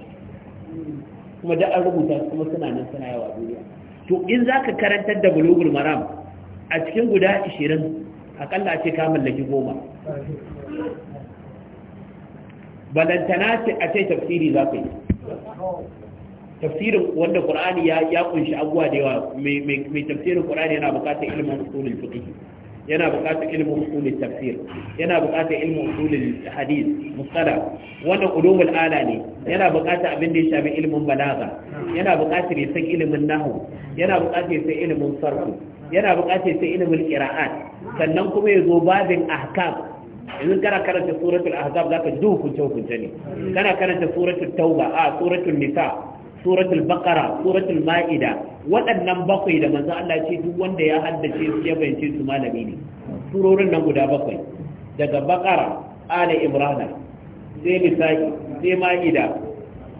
kuma da an rubuta kuma suna nan suna yawa duniya to in za ka karantar da bulugul maram a cikin guda 20 akalla ce ka mallaki goma balantana ce a ce tafsiri za ka yi tafsirin wanda ƙur'ani ya kunshi abuwa da yawa mai tafsirin ƙur'ani yana bukatar ilimin usulul fiqh yana buƙatar ilmin usulul tafsir yana buƙatar ilmin usulul hadis, musala wannan ulumul ala ne yana buƙatar abin da ya shafi ilmin balaga yana buƙatar ya san ilmin nahwu yana buƙatar ya san ilmin sarfu yana buƙatar ya san ilmin qira'at sannan kuma ya zo babin ahkam yanzu kana karanta suratul ahzab zaka ji hukunce hukunce ne kana karanta suratul tauba a suratul nisa suratul baqara suratul ma'ida waɗannan bakwai da manzo Allah ce duk wanda ya haddace su ya bayyance su malami ne surorin nan guda bakwai daga baqara ala imrana sai misali sai ma'ida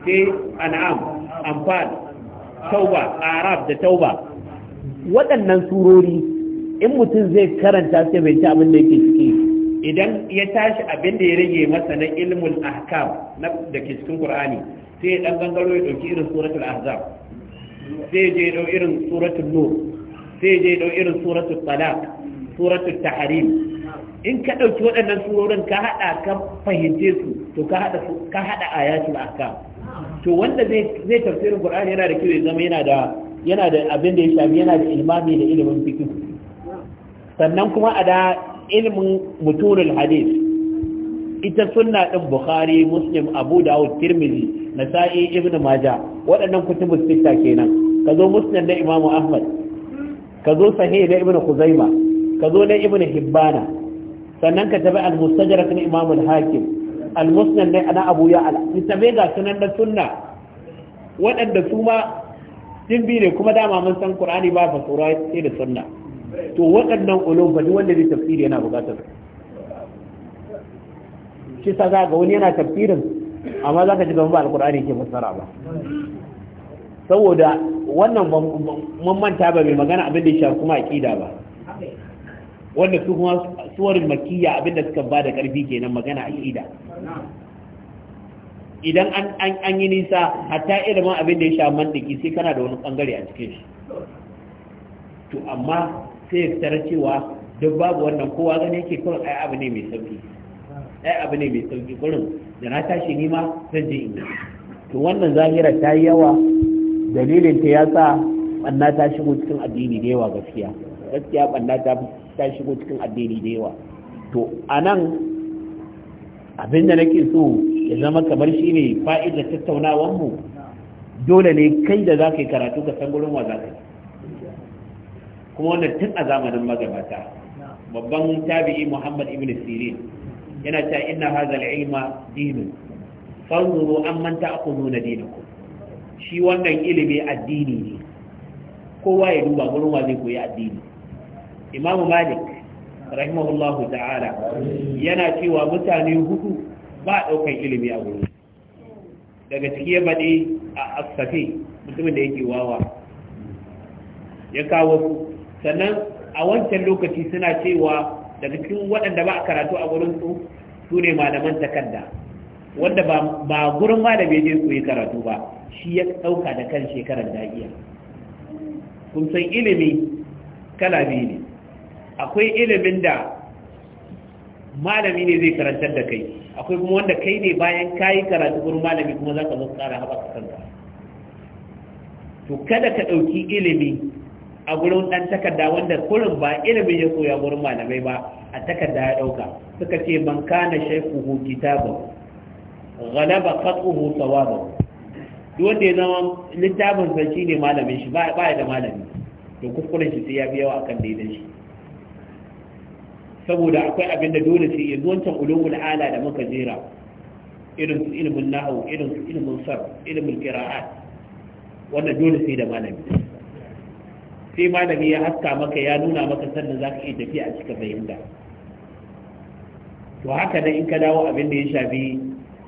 sai an'am anfal tauba arab da tauba waɗannan surori in mutum zai karanta sai bayyance abin da yake ciki idan ya tashi abin da ya rage masa na ilmul ahkam da ke cikin qur'ani sai dan gangaro ya dauki irin suratul ahzab sai je dau irin suratul nur sai je dau irin suratul talaq suratul tahrim in ka dauki waɗannan surorin ka hada ka fahimce su to ka hada ka hada ayatul ahkam to wanda zai zai tafsirin qur'ani yana da kyau ya zama yana da yana da abin da ya shafi yana da ilmami da ilimin fiqh sannan kuma a da ilmin mutunul hadith ita sunna din bukhari muslim abu daud tirmidhi nasa'i ibnu maja waɗannan kutubus sitta kenan ka zo musnad na imamu ahmad ka zo sahih na ibnu khuzaima ka zo na ibnu hibbana sannan ka tabi al-mustajrak na imamu al-hakim al-musnad na ana abu ya al tabe ga sunan na sunna waɗanda su ma dimbi ne kuma dama mun san qur'ani ba fasura sai da sunna to waɗannan ulum fa duk wanda zai tafsiri yana buƙatar shi sa ga wani yana tafsirin amma za ka ji gaba ba alkur'ani ke fassara ba saboda wannan mamanta ba mai magana abin da ya shafi kuma aƙida ba wanda su kuma suwarin makiyya abin da suka da ƙarfi kenan magana aƙida idan an yi nisa hatta ilimin abin da ya shafi mantiki sai kana da wani bangare a cikin shi to amma sai ya cewa duk babu wannan kowa gane yake kawai ai abu ne mai sauki ai abu ne mai sauki gurin da na tashi ni zan je in to wannan zahira ta yi yawa dalilin ta ya sa banna ta shigo cikin addini da yawa gaskiya gaskiya banna ta ta shigo cikin addini da yawa to anan abin da nake so ya zama kamar shine fa'idar tattaunawar mu dole ne kai da za yi karatu ka san gurin wa kuma wannan tun a zamanin magabata babban tabi'i muhammad ibn sirin yana cewa inna hadha al-ilma dinu fanzuru amman ta'khuduna dinakum shi wannan ilimi addini ne kowa ya duba gurin wa zai koyi addini imamu malik rahimahullahu ta'ala yana cewa mutane hudu ba daukan ilimi a gurin daga ciki ya baɗi a asafi mutumin da yake wawa ya kawo sannan a wancan lokaci suna cewa daga cikin waɗanda ba a karatu a wurin su su ne malaman takarda wanda ba gurin malami je su yi karatu ba shi ya ɗauka da kan shekarar dagiya kun san ilimi kala biyu ne akwai ilimin da malami ne zai karantar da kai akwai kuma wanda kai ne bayan ka yi karatu gurin malami kuma za ka zo tsara haɓaka kanka to kada ka ɗauki ilimi a gurin ɗan takarda wanda kurin ba ilimin ya koya gurin malamai ba a takarda ya ɗauka suka ce man kana shaikuhu kitabun ghalaba qat'uhu ba duk wanda ya zama littafin sa shine malamin shi ba ya da malami to kuskuren shi sai ya biya akan daidan shi saboda akwai abin da dole sai yanzu wancan ulumul ala da muka jera irin su ilimin nahwu irin su ilimin sarf ilimin qira'at wanda dole sai da malami sai malami ya haska maka ya nuna maka sannan za ka iya tafi a cikin fahimta to haka nan in ka dawo abin da ya shafi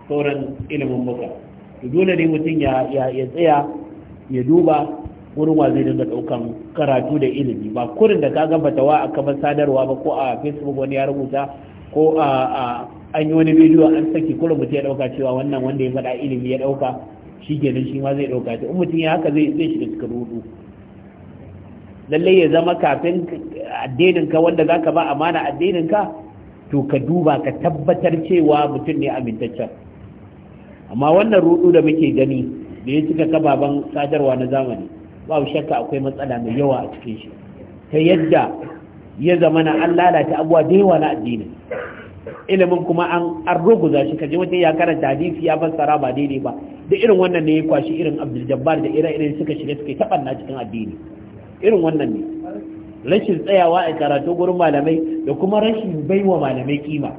sauran ilimin muka to dole ne mutum ya tsaya ya duba wurin wa zai dinga daukan karatu da ilimi ba kurin da ka gabata wa a kamar sadarwa ba ko a facebook wani ya rubuta ko a an yi wani bidiyo an saki kurin mutum ya dauka cewa wannan wanda ya faɗa ilimi ya dauka shi kenan shi ma zai dauka in mutum ya haka zai zai shiga cikin rudu lallai ya zama kafin addininka wanda za ka ba amana addininka to ka duba ka tabbatar cewa mutum ne amintaccen amma wannan rudu da muke gani da ya cika kababan sadarwa na zamani babu shakka akwai matsala mai yawa a cikin shi ta yadda ya zama na an lalata abuwa da yawa na addini ilimin kuma an an ruguza shi kaje mutum ya karanta hadisi ya fassara ba daidai ba da irin wannan ne ya kwashi irin abdul jabbar da ire-iren suka shiga suka taɓanna cikin addini irin wannan ne rashin tsayawa a karatu gurin malamai da kuma rashin baiwa malamai kima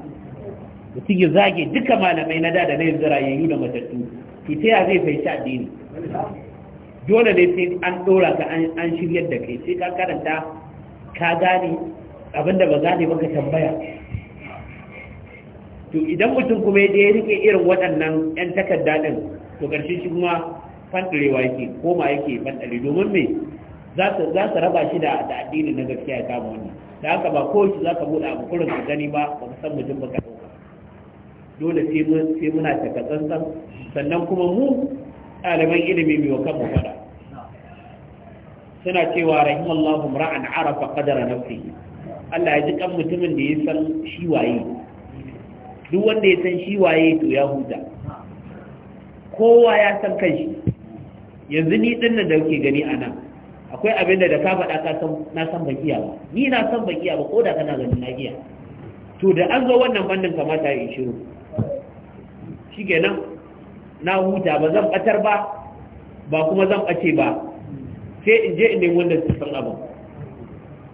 mutum ya zage duka malamai na da da na yanzu rayayyu da matattu to ta ya zai fahimci addini dole ne sai an ɗora ka an shiryar da kai sai ka karanta ka gane abinda ba gane ba ka tambaya to idan mutum kuma ya rike irin waɗannan 'yan takarda to ƙarshe shi kuma fanɗarewa yake koma yake fanɗare domin me za su raba shi da da addini na gaskiya ya kama wannan da haka ba ko shi zaka bude abu kurin gani ba ba ka san mutum ba ka dauka dole sai sai muna sannan kuma mu ɗaliban ilimi mai wakan mu fada suna cewa rahimallahu ra'an arafa qadara nafsi Allah ya ji kan mutumin da ya san shi waye duk wanda ya san shi waye to ya huta kowa ya san shi. yanzu ni dinnan da kuke gani anan. akwai abin da ka faɗa ka san na san ban iya ba ni na san ban iya ba ko da kana ganin na iya to da an zo wannan bandin kamata ya yi shiru shikenan na huta ba zan batar ba ba kuma zan ɓace ba sai in je in nemi wanda su san abin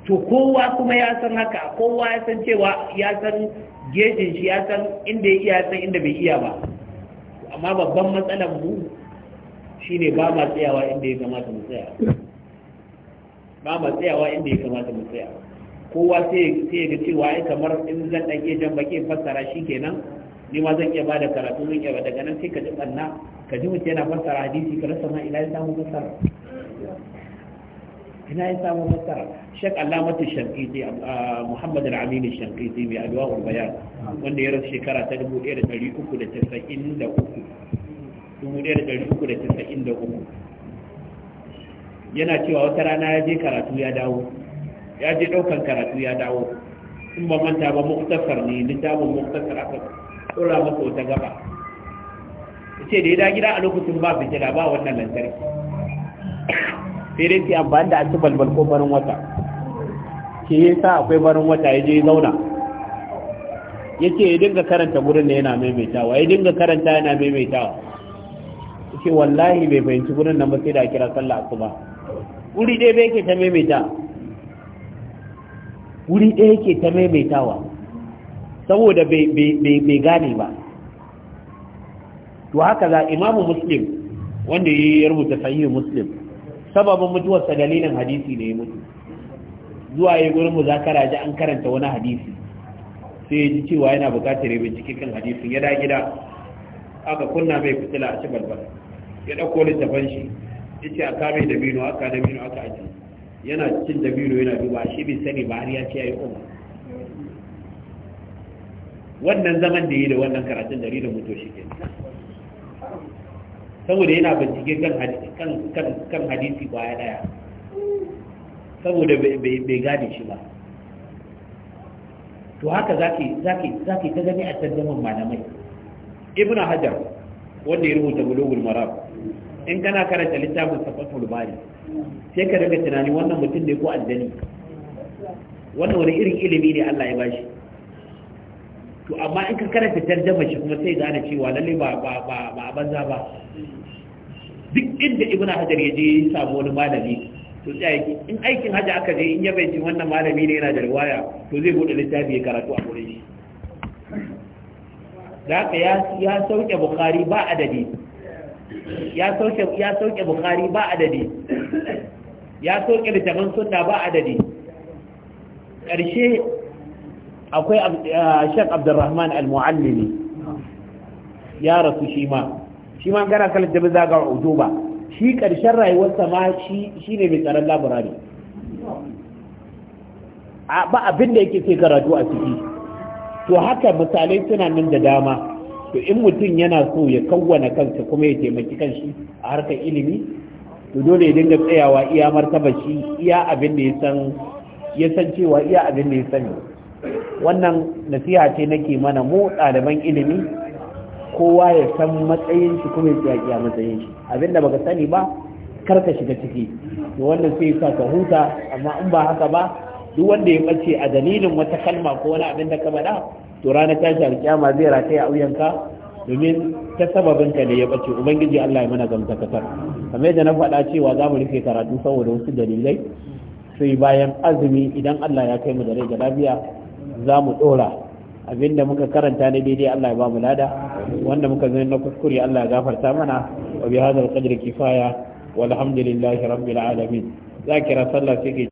to kowa kuma ya san haka kowa ya san cewa ya san gejin shi ya san inda ya iya ya san inda bai iya ba amma babban matsalar mu shine ba ma tsayawa inda ya kamata mu tsaya ba ma tsayawa inda ya kamata mu tsaya kowa sai ya ga cewa ai kamar in zan dake jan baki fassara shikenan ni ma zan iya bada karatu zan iya daga nan sai ka ji tsanna, ka ji mutum yana fassara hadisi ka rasa ma ina ya samu fassara ina ya samu fassara shek alamatu shankiti muhammad al-amin shankiti mai adwa'ul bayan wanda ya rasu shekara ta 1393 1393 yana cewa wata rana ya je karatu ya dawo ya je ɗaukan karatu ya dawo in ba manta ba muktasar ne littafin muktasar aka tsora masa wata gaba ce da ya da gida a lokacin ba fitila ba wannan lantarki Fere ce amfani da a balbal ko barin wata ke yi sa akwai barin wata ya je ya zauna ya ce ya dinga karanta gurin da yana maimaitawa ya dinga karanta yana maimaitawa ya ce wallahi bai fahimci gurin nan ba sai da kira sallah asuba wuri ɗaya bai ke ta maimaita wuri ɗaya ke ta maimaitawa saboda bai gane ba to haka za imamu muslim wanda ya rubuta sahihu muslim sababin mutuwarsa dalilin hadisi ne ya mutu zuwa ya gurin zakara ji an karanta wani hadisi sai ya ji cewa yana bukatar ya bincike kan hadisi ya da gida aka kunna mai fitila a cibar ya ɗauko littafan shi yace a kame dabino aka dabino aka aji yana cin dabino yana duba shi bai sani ba har ya ce yayi umma wannan zaman da yi da wannan karatun dari da mutu shi ke saboda yana bincike kan hadisi kwaya daya saboda bai gane shi ba to haka zaki ta gani a tarzaman malamai ibnu hajar wanda ya rubuta bulugul marab in kana karanta littafin safatul bari sai ka daga tunani wannan mutum ne ko aljani wannan wani irin ilimi ne Allah ya bashi to amma in ka karanta tarjama shi kuma sai gane cewa lalle ba ba ba ba banza ba duk inda ibnu hajar ya je ya samu wani malami to sai yake in aikin haja aka je in ya bayyana wannan malami ne yana da riwaya to zai bude littafi ya karatu a gurin shi da haka ya sauke bukari ba adadi ya sauke ya bukhari ba adadi ya sauke littafin sunna ba adadi ƙarshe akwai eh, shek abdurrahman al-mu'allimi ya rasu shi ma shi ma gara kan littafin zaga ujuba shi ƙarshen rayuwarsa ma shi ne mai tsaron laburari ba abin da yake sai karatu a ciki to haka misalai suna nan da dama to in mutum yana so ya kawwana kansa kuma ya taimaki kanshi a harkar ilimi to dole ya dinga tsayawa iya martaba shi iya abin da ya san ya san cewa iya abin da ya sani wannan nasiha ce nake mana mu ɗaliban ilimi kowa ya san matsayin shi kuma ya iya matsayin shi abin da baka sani ba kar ka shiga ciki to wannan sai sa ka huta amma in ba haka ba duk wanda ya bace a dalilin wata kalma ko wani abin da ka faɗa to ranar tashi alkiyama zai rataya a wuyanka domin ta sababin ka ne ya bace ubangiji Allah ya mana gamta kasar kamar yadda na faɗa cewa za mu rufe karatu saboda wasu dalilai sai bayan azumi idan Allah ya kai mu da rai da lafiya za mu ɗora abinda muka karanta na daidai Allah ya ba mu lada wanda muka zai na kuskure Allah ya gafarta mana wa bi hadal qadri kifaya walhamdulillahi rabbil alamin zakira sallah take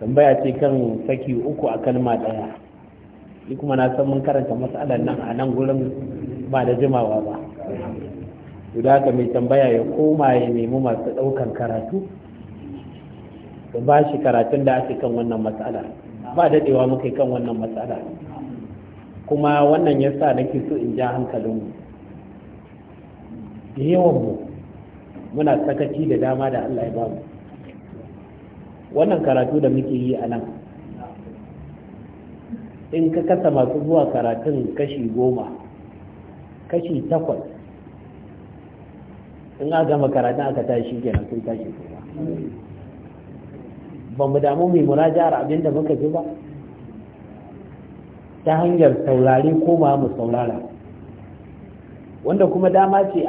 tambaya ce kan saki uku a kalma ɗaya ni kuma na san mun karanta matsalar nan a nan gurin ba da jimawa ba Guda ka mai tambaya ya koma ya nemi masu ɗaukan karatu ba shi karatun da ake kan wannan matsala ba daɗewa muka kan wannan matsala kuma wannan ya sa nake so in ja hankalinmu da yawan mu muna sakaci da dama da allah ya mu. wannan karatu da muke yi a nan in ka kasa masu zuwa karatun kashi goma kashi takwas in a gama karatun aka tashi kenan sun tashi kuma ba mu damu mai murajar abin da muka ji ba ta hanyar saurari ko ma mu saurara wanda kuma dama ce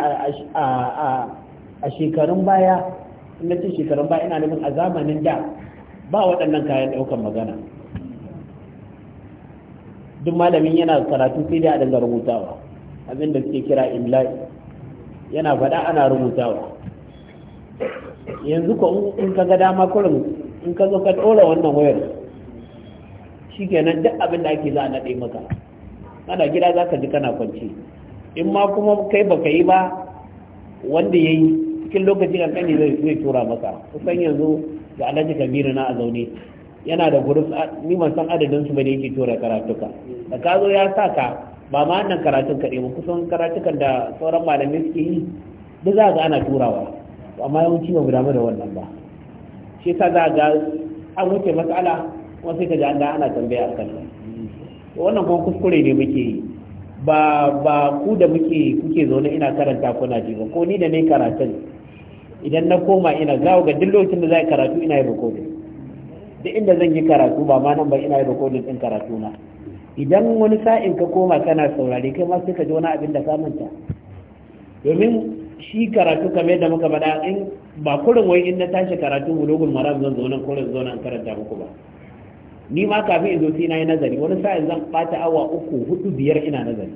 a shekarun baya na cin shekarun ba ina nufin a zamanin da ba waɗannan kayan ɗaukar magana duk malamin yana karatu sai dai a dinga rubutawa abin da suke kira imla'i yana faɗa ana rubutawa yanzu ko in ka ga dama kurin in ka zo ka ɗora wannan wayar shikenan duk abin da ake za a naɗe maka Kana gida za ka ji kana kwanci in ma kuma kai baka yi ba wanda ya yi cikin lokaci kankani zai zai tura maka kusan yanzu da alhaji kabiru na a zaune yana da gurin ni ban san adadin su bane yake tura karatuka da ka zo ya sa ka ba ma wannan karatun kaɗai ba kusan karatukan da sauran malamai suke yi duk za ga ana turawa amma yawanci ba mu damu da wannan ba shi yasa za ga an wuce matsala kuma sai ka ji an ga ana tambaya a kan wannan kuma kuskure ne muke yi ba ba ku da muke kuke zaune ina karanta kuna ji ba ko ni da ne karatun idan na koma ina zawo ga duk lokacin da zai karatu ina yi rikodin duk inda zan yi karatu ba ma nan ba ina yi rikodin din karatu na idan wani sa'in ka koma kana saurare kai ma sai ka ji wani abin da ka manta domin shi karatu kamar yadda muka faɗa in ba kurin wai in na tashi karatu dogon maram zan zo nan kurin zo nan karanta muku ba ni ma kafin in zo sai na yi nazari wani sa'in zan ɓata awa uku hudu biyar ina nazari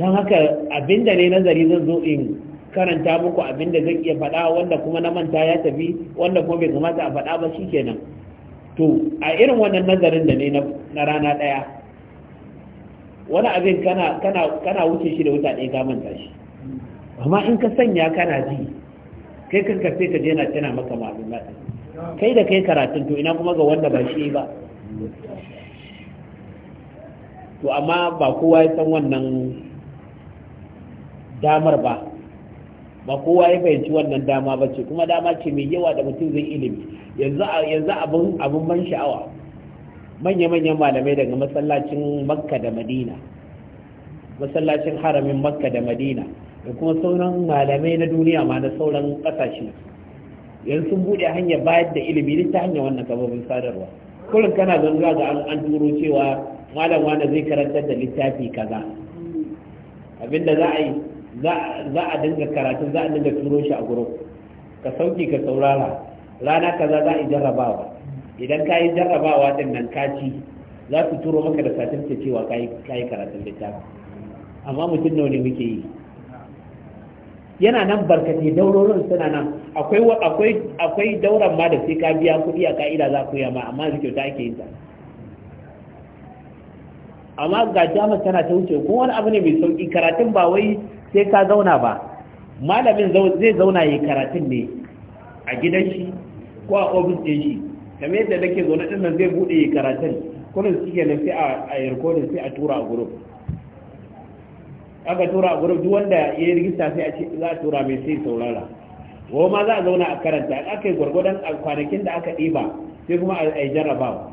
don haka abinda ne nazari zan zo in karanta muku abinda zan iya faɗa wanda kuma na manta ya tafi wanda kuma bai kamata a faɗa ba shi kenan to a irin wannan nazarin da ne na rana ɗaya wani abin kana wuce shi da wuta ɗaya ka manta shi amma in ka sanya kana ji kai kanka sai ka je na tana maka ma'aluma kai da kai karatun to ina kuma ga wanda ba shi ba to amma ba kowa ya san wannan damar ba ba kowa ya fahimci wannan dama ba ce kuma dama ce mai yawa da mutum zai ilimi yanzu abin abin ban sha'awa manya-manyan malamai daga masallacin makka da madina masallacin haramin makka da madina da kuma sauran malamai na duniya ma na sauran kasashe yanzu sun buɗe hanya bayar da ilimi ta hanyar wannan kababin sadarwa kullum kana zanga ga an turo cewa malam wanda zai karantar da littafi kaza abinda za a yi za a dinga karatu za a dinga turo shi a gurin ka sauki ka saurara rana kaza za a yi jarrabawa idan ka yi jarrabawa din nan ka ci za su turo maka da satin cewa ka yi karatun littafi amma mutum nawa ne muke yi yana nan barkate daurorin suna nan akwai akwai dauran ma da sai ka biya kuɗi a ka'ida za ku yi amma amma kyauta ake yin ta amma ga jamus tana ta wuce ko wani abu ne mai sauki karatun ba wai sai ka zauna ba malamin zai zauna yi karatun ne a gidan shi ko a ofis ɗin shi kamar yadda nake zaune ɗin nan zai buɗe yi karatun kullum su ke sai a yi rikodin sai a tura a gurup aka tura a gurup duk wanda ya yi rigista sai a ce za a tura mai sai saurara ko ma za a zauna a karanta aka yi gwargwadon kwanakin da aka ɗiba sai kuma a yi jarrabawa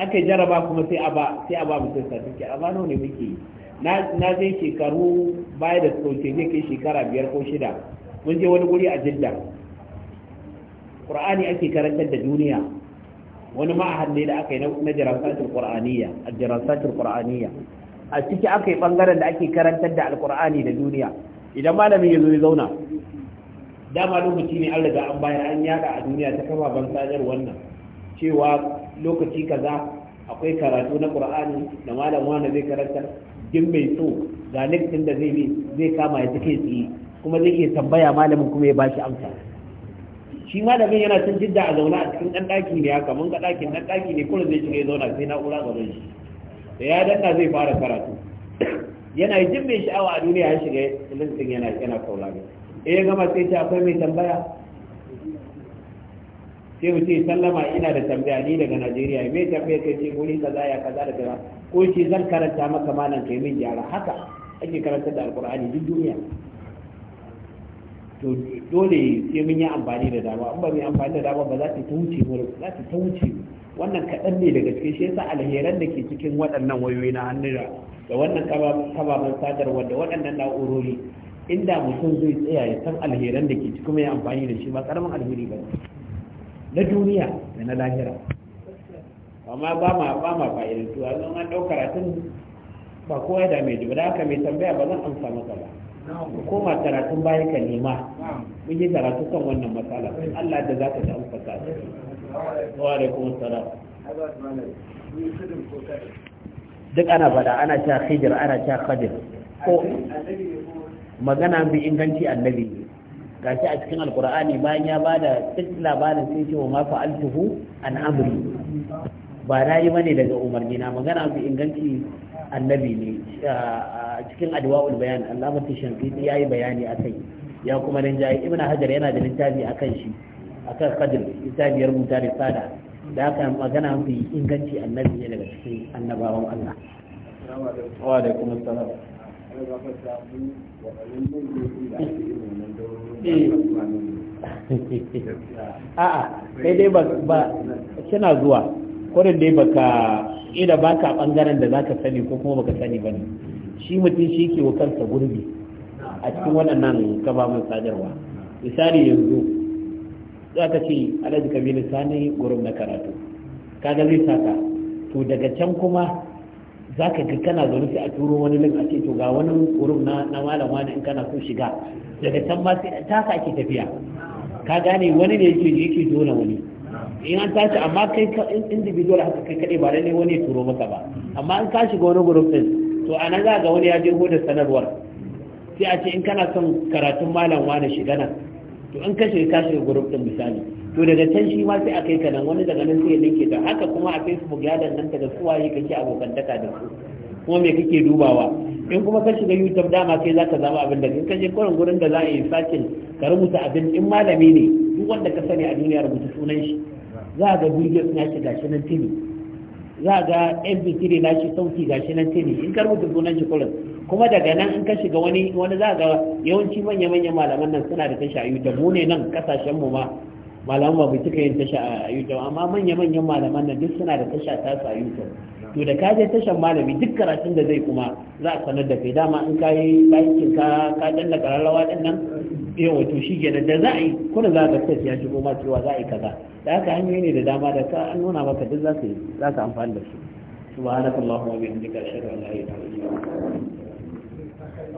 aka yi jaraba kuma sai a ba sai aba ba mutum certificate amma nawa ne muke yi na je shekaru baya da sauke zai kai shekara biyar ko shida mun je wani guri a jidda qur'ani ake karantar da duniya wani ma'ahad ne da aka yi na jirasatul qur'aniyya a jirasatul qur'aniyya a ciki aka yi bangaren da ake karantar da alqur'ani da duniya idan malamin ya zo ya zauna dama lokaci ne an riga an bayar an yada a duniya ta kafafen sadar wannan cewa lokaci kaza akwai karatu na qur'ani da malam wanda zai karanta din mai so ga din da zai zai kama ya take tsiye kuma zai iya tambaya malamin kuma ya bashi amsa shi malamin yana cin jidda a zauna a cikin ɗan daki ne haka mun ga ɗakin ɗan daki ne kullum zai shiga ya zauna sai na'ura gaban shi da ya danna zai fara karatu yana jin mai sha'awa a duniya ya shiga listin yana yana kaulari eh ya gama sai ta akwai mai tambaya sai mu ce sallama ina da tambaya ni daga Najeriya me tambaya kai ce guri kaza ya kaza da kaza ko ce zan karanta maka malam kai min gyara haka ake karanta da alkur'ani duk duniya to dole sai mun yi amfani da dama in ba mu yi amfani da dama ba za ta wuce mu za ta wuce wannan kaɗan ne daga cikin shi yasa alheran da ke cikin waɗannan wayoyi na hannu da wannan kababan sadarwa da waɗannan na'urori inda mutum zai tsaya ya san alheran da ke cikin mai amfani da shi ba karamin alheri ba na duniya da na lahira amma ba ma ba ma fa'idantuwa don an ɗau karatun ba kowa da mai jiba da haka mai tambaya ba zan amsa maka ba ko koma karatun baya ka nema mun yi karatu kan wannan matsala Allah da za ka ta amsa ta wa alaikum assalam duk ana fada ana cha khijir ana cha khadir ko magana bi inganci annabi gashi a cikin alkur'ani bayan ya bada duk labarin sai ce wa mafi fa'altuhu an ba na yi bane daga umarni na magana bi inganci annabi ne a cikin adwa'ul bayan allamatu ya yayi bayani akai ya kuma rinjaye ibnu hajar yana da littafi kan shi akan qadr littafi ya rubuta risala da magana bi inganci annabi ne daga cikin annabawan Allah wa alaikum a'a sai dai ba kina zuwa kodin dai baka baka bangaren da zaka sani ko kuma baka sani bane shi mutum shi ke wa kansa gurbi a cikin waɗannan kabamin sadarwa misali yanzu za ka ce alhaji kabilu sani gurin na karatu kaga zai saka to daga can kuma za ka ga kana zaune sai a turo wani link a ce to ga wani kurum na na malam wani in kana so shiga daga can ma sai ta sa ake tafiya ka gane wani ne yake yake dole wani in an tashi amma kai individual haka kai kaɗai ba ne wani ya turo maka ba amma in ka shiga wani group din to a nan za ga wani ya je da sanarwar sai a ce in kana son karatun malam wani shiga nan to in ka ka shiga group din misali to daga can shi ma sai a kai ka nan wani daga nan sai ya linke ta haka kuma a facebook ya danganta da suwaye kake abokantaka da su kuma me kake dubawa in kuma ka shiga youtube dama sai zaka zama abin da in ka je kurin gurin da za a yi sakin ka rubuta abin in malami ne duk wanda ka sani a duniya rubuta sunan shi za ga bidiyo suna shiga shi nan tini za ga mp3 na shi sauki ga shi nan tini in ka rubuta sunan shi kurin kuma daga nan in ka shiga wani wani za ga yawanci manya-manyan malaman nan suna da tasha a youtube mu ne nan kasashen mu ma malaman ba cika yin tasha a youtube amma manya-manyan malaman nan duk suna da tasha ta su a to da ka je tashan malami duk karatun da zai kuma za a sanar da kai dama in ka yi bayan ka ka danna kararrawa din nan yau eh, wato shi kenan da za a yi kuna za a tafi ya shigo ma cewa za a yi kaza da haka hanyoyi ne da dama da ka an nuna maka duk za ka amfani da su subhanakallahumma wa bihamdika ashhadu an la ilaha illa anta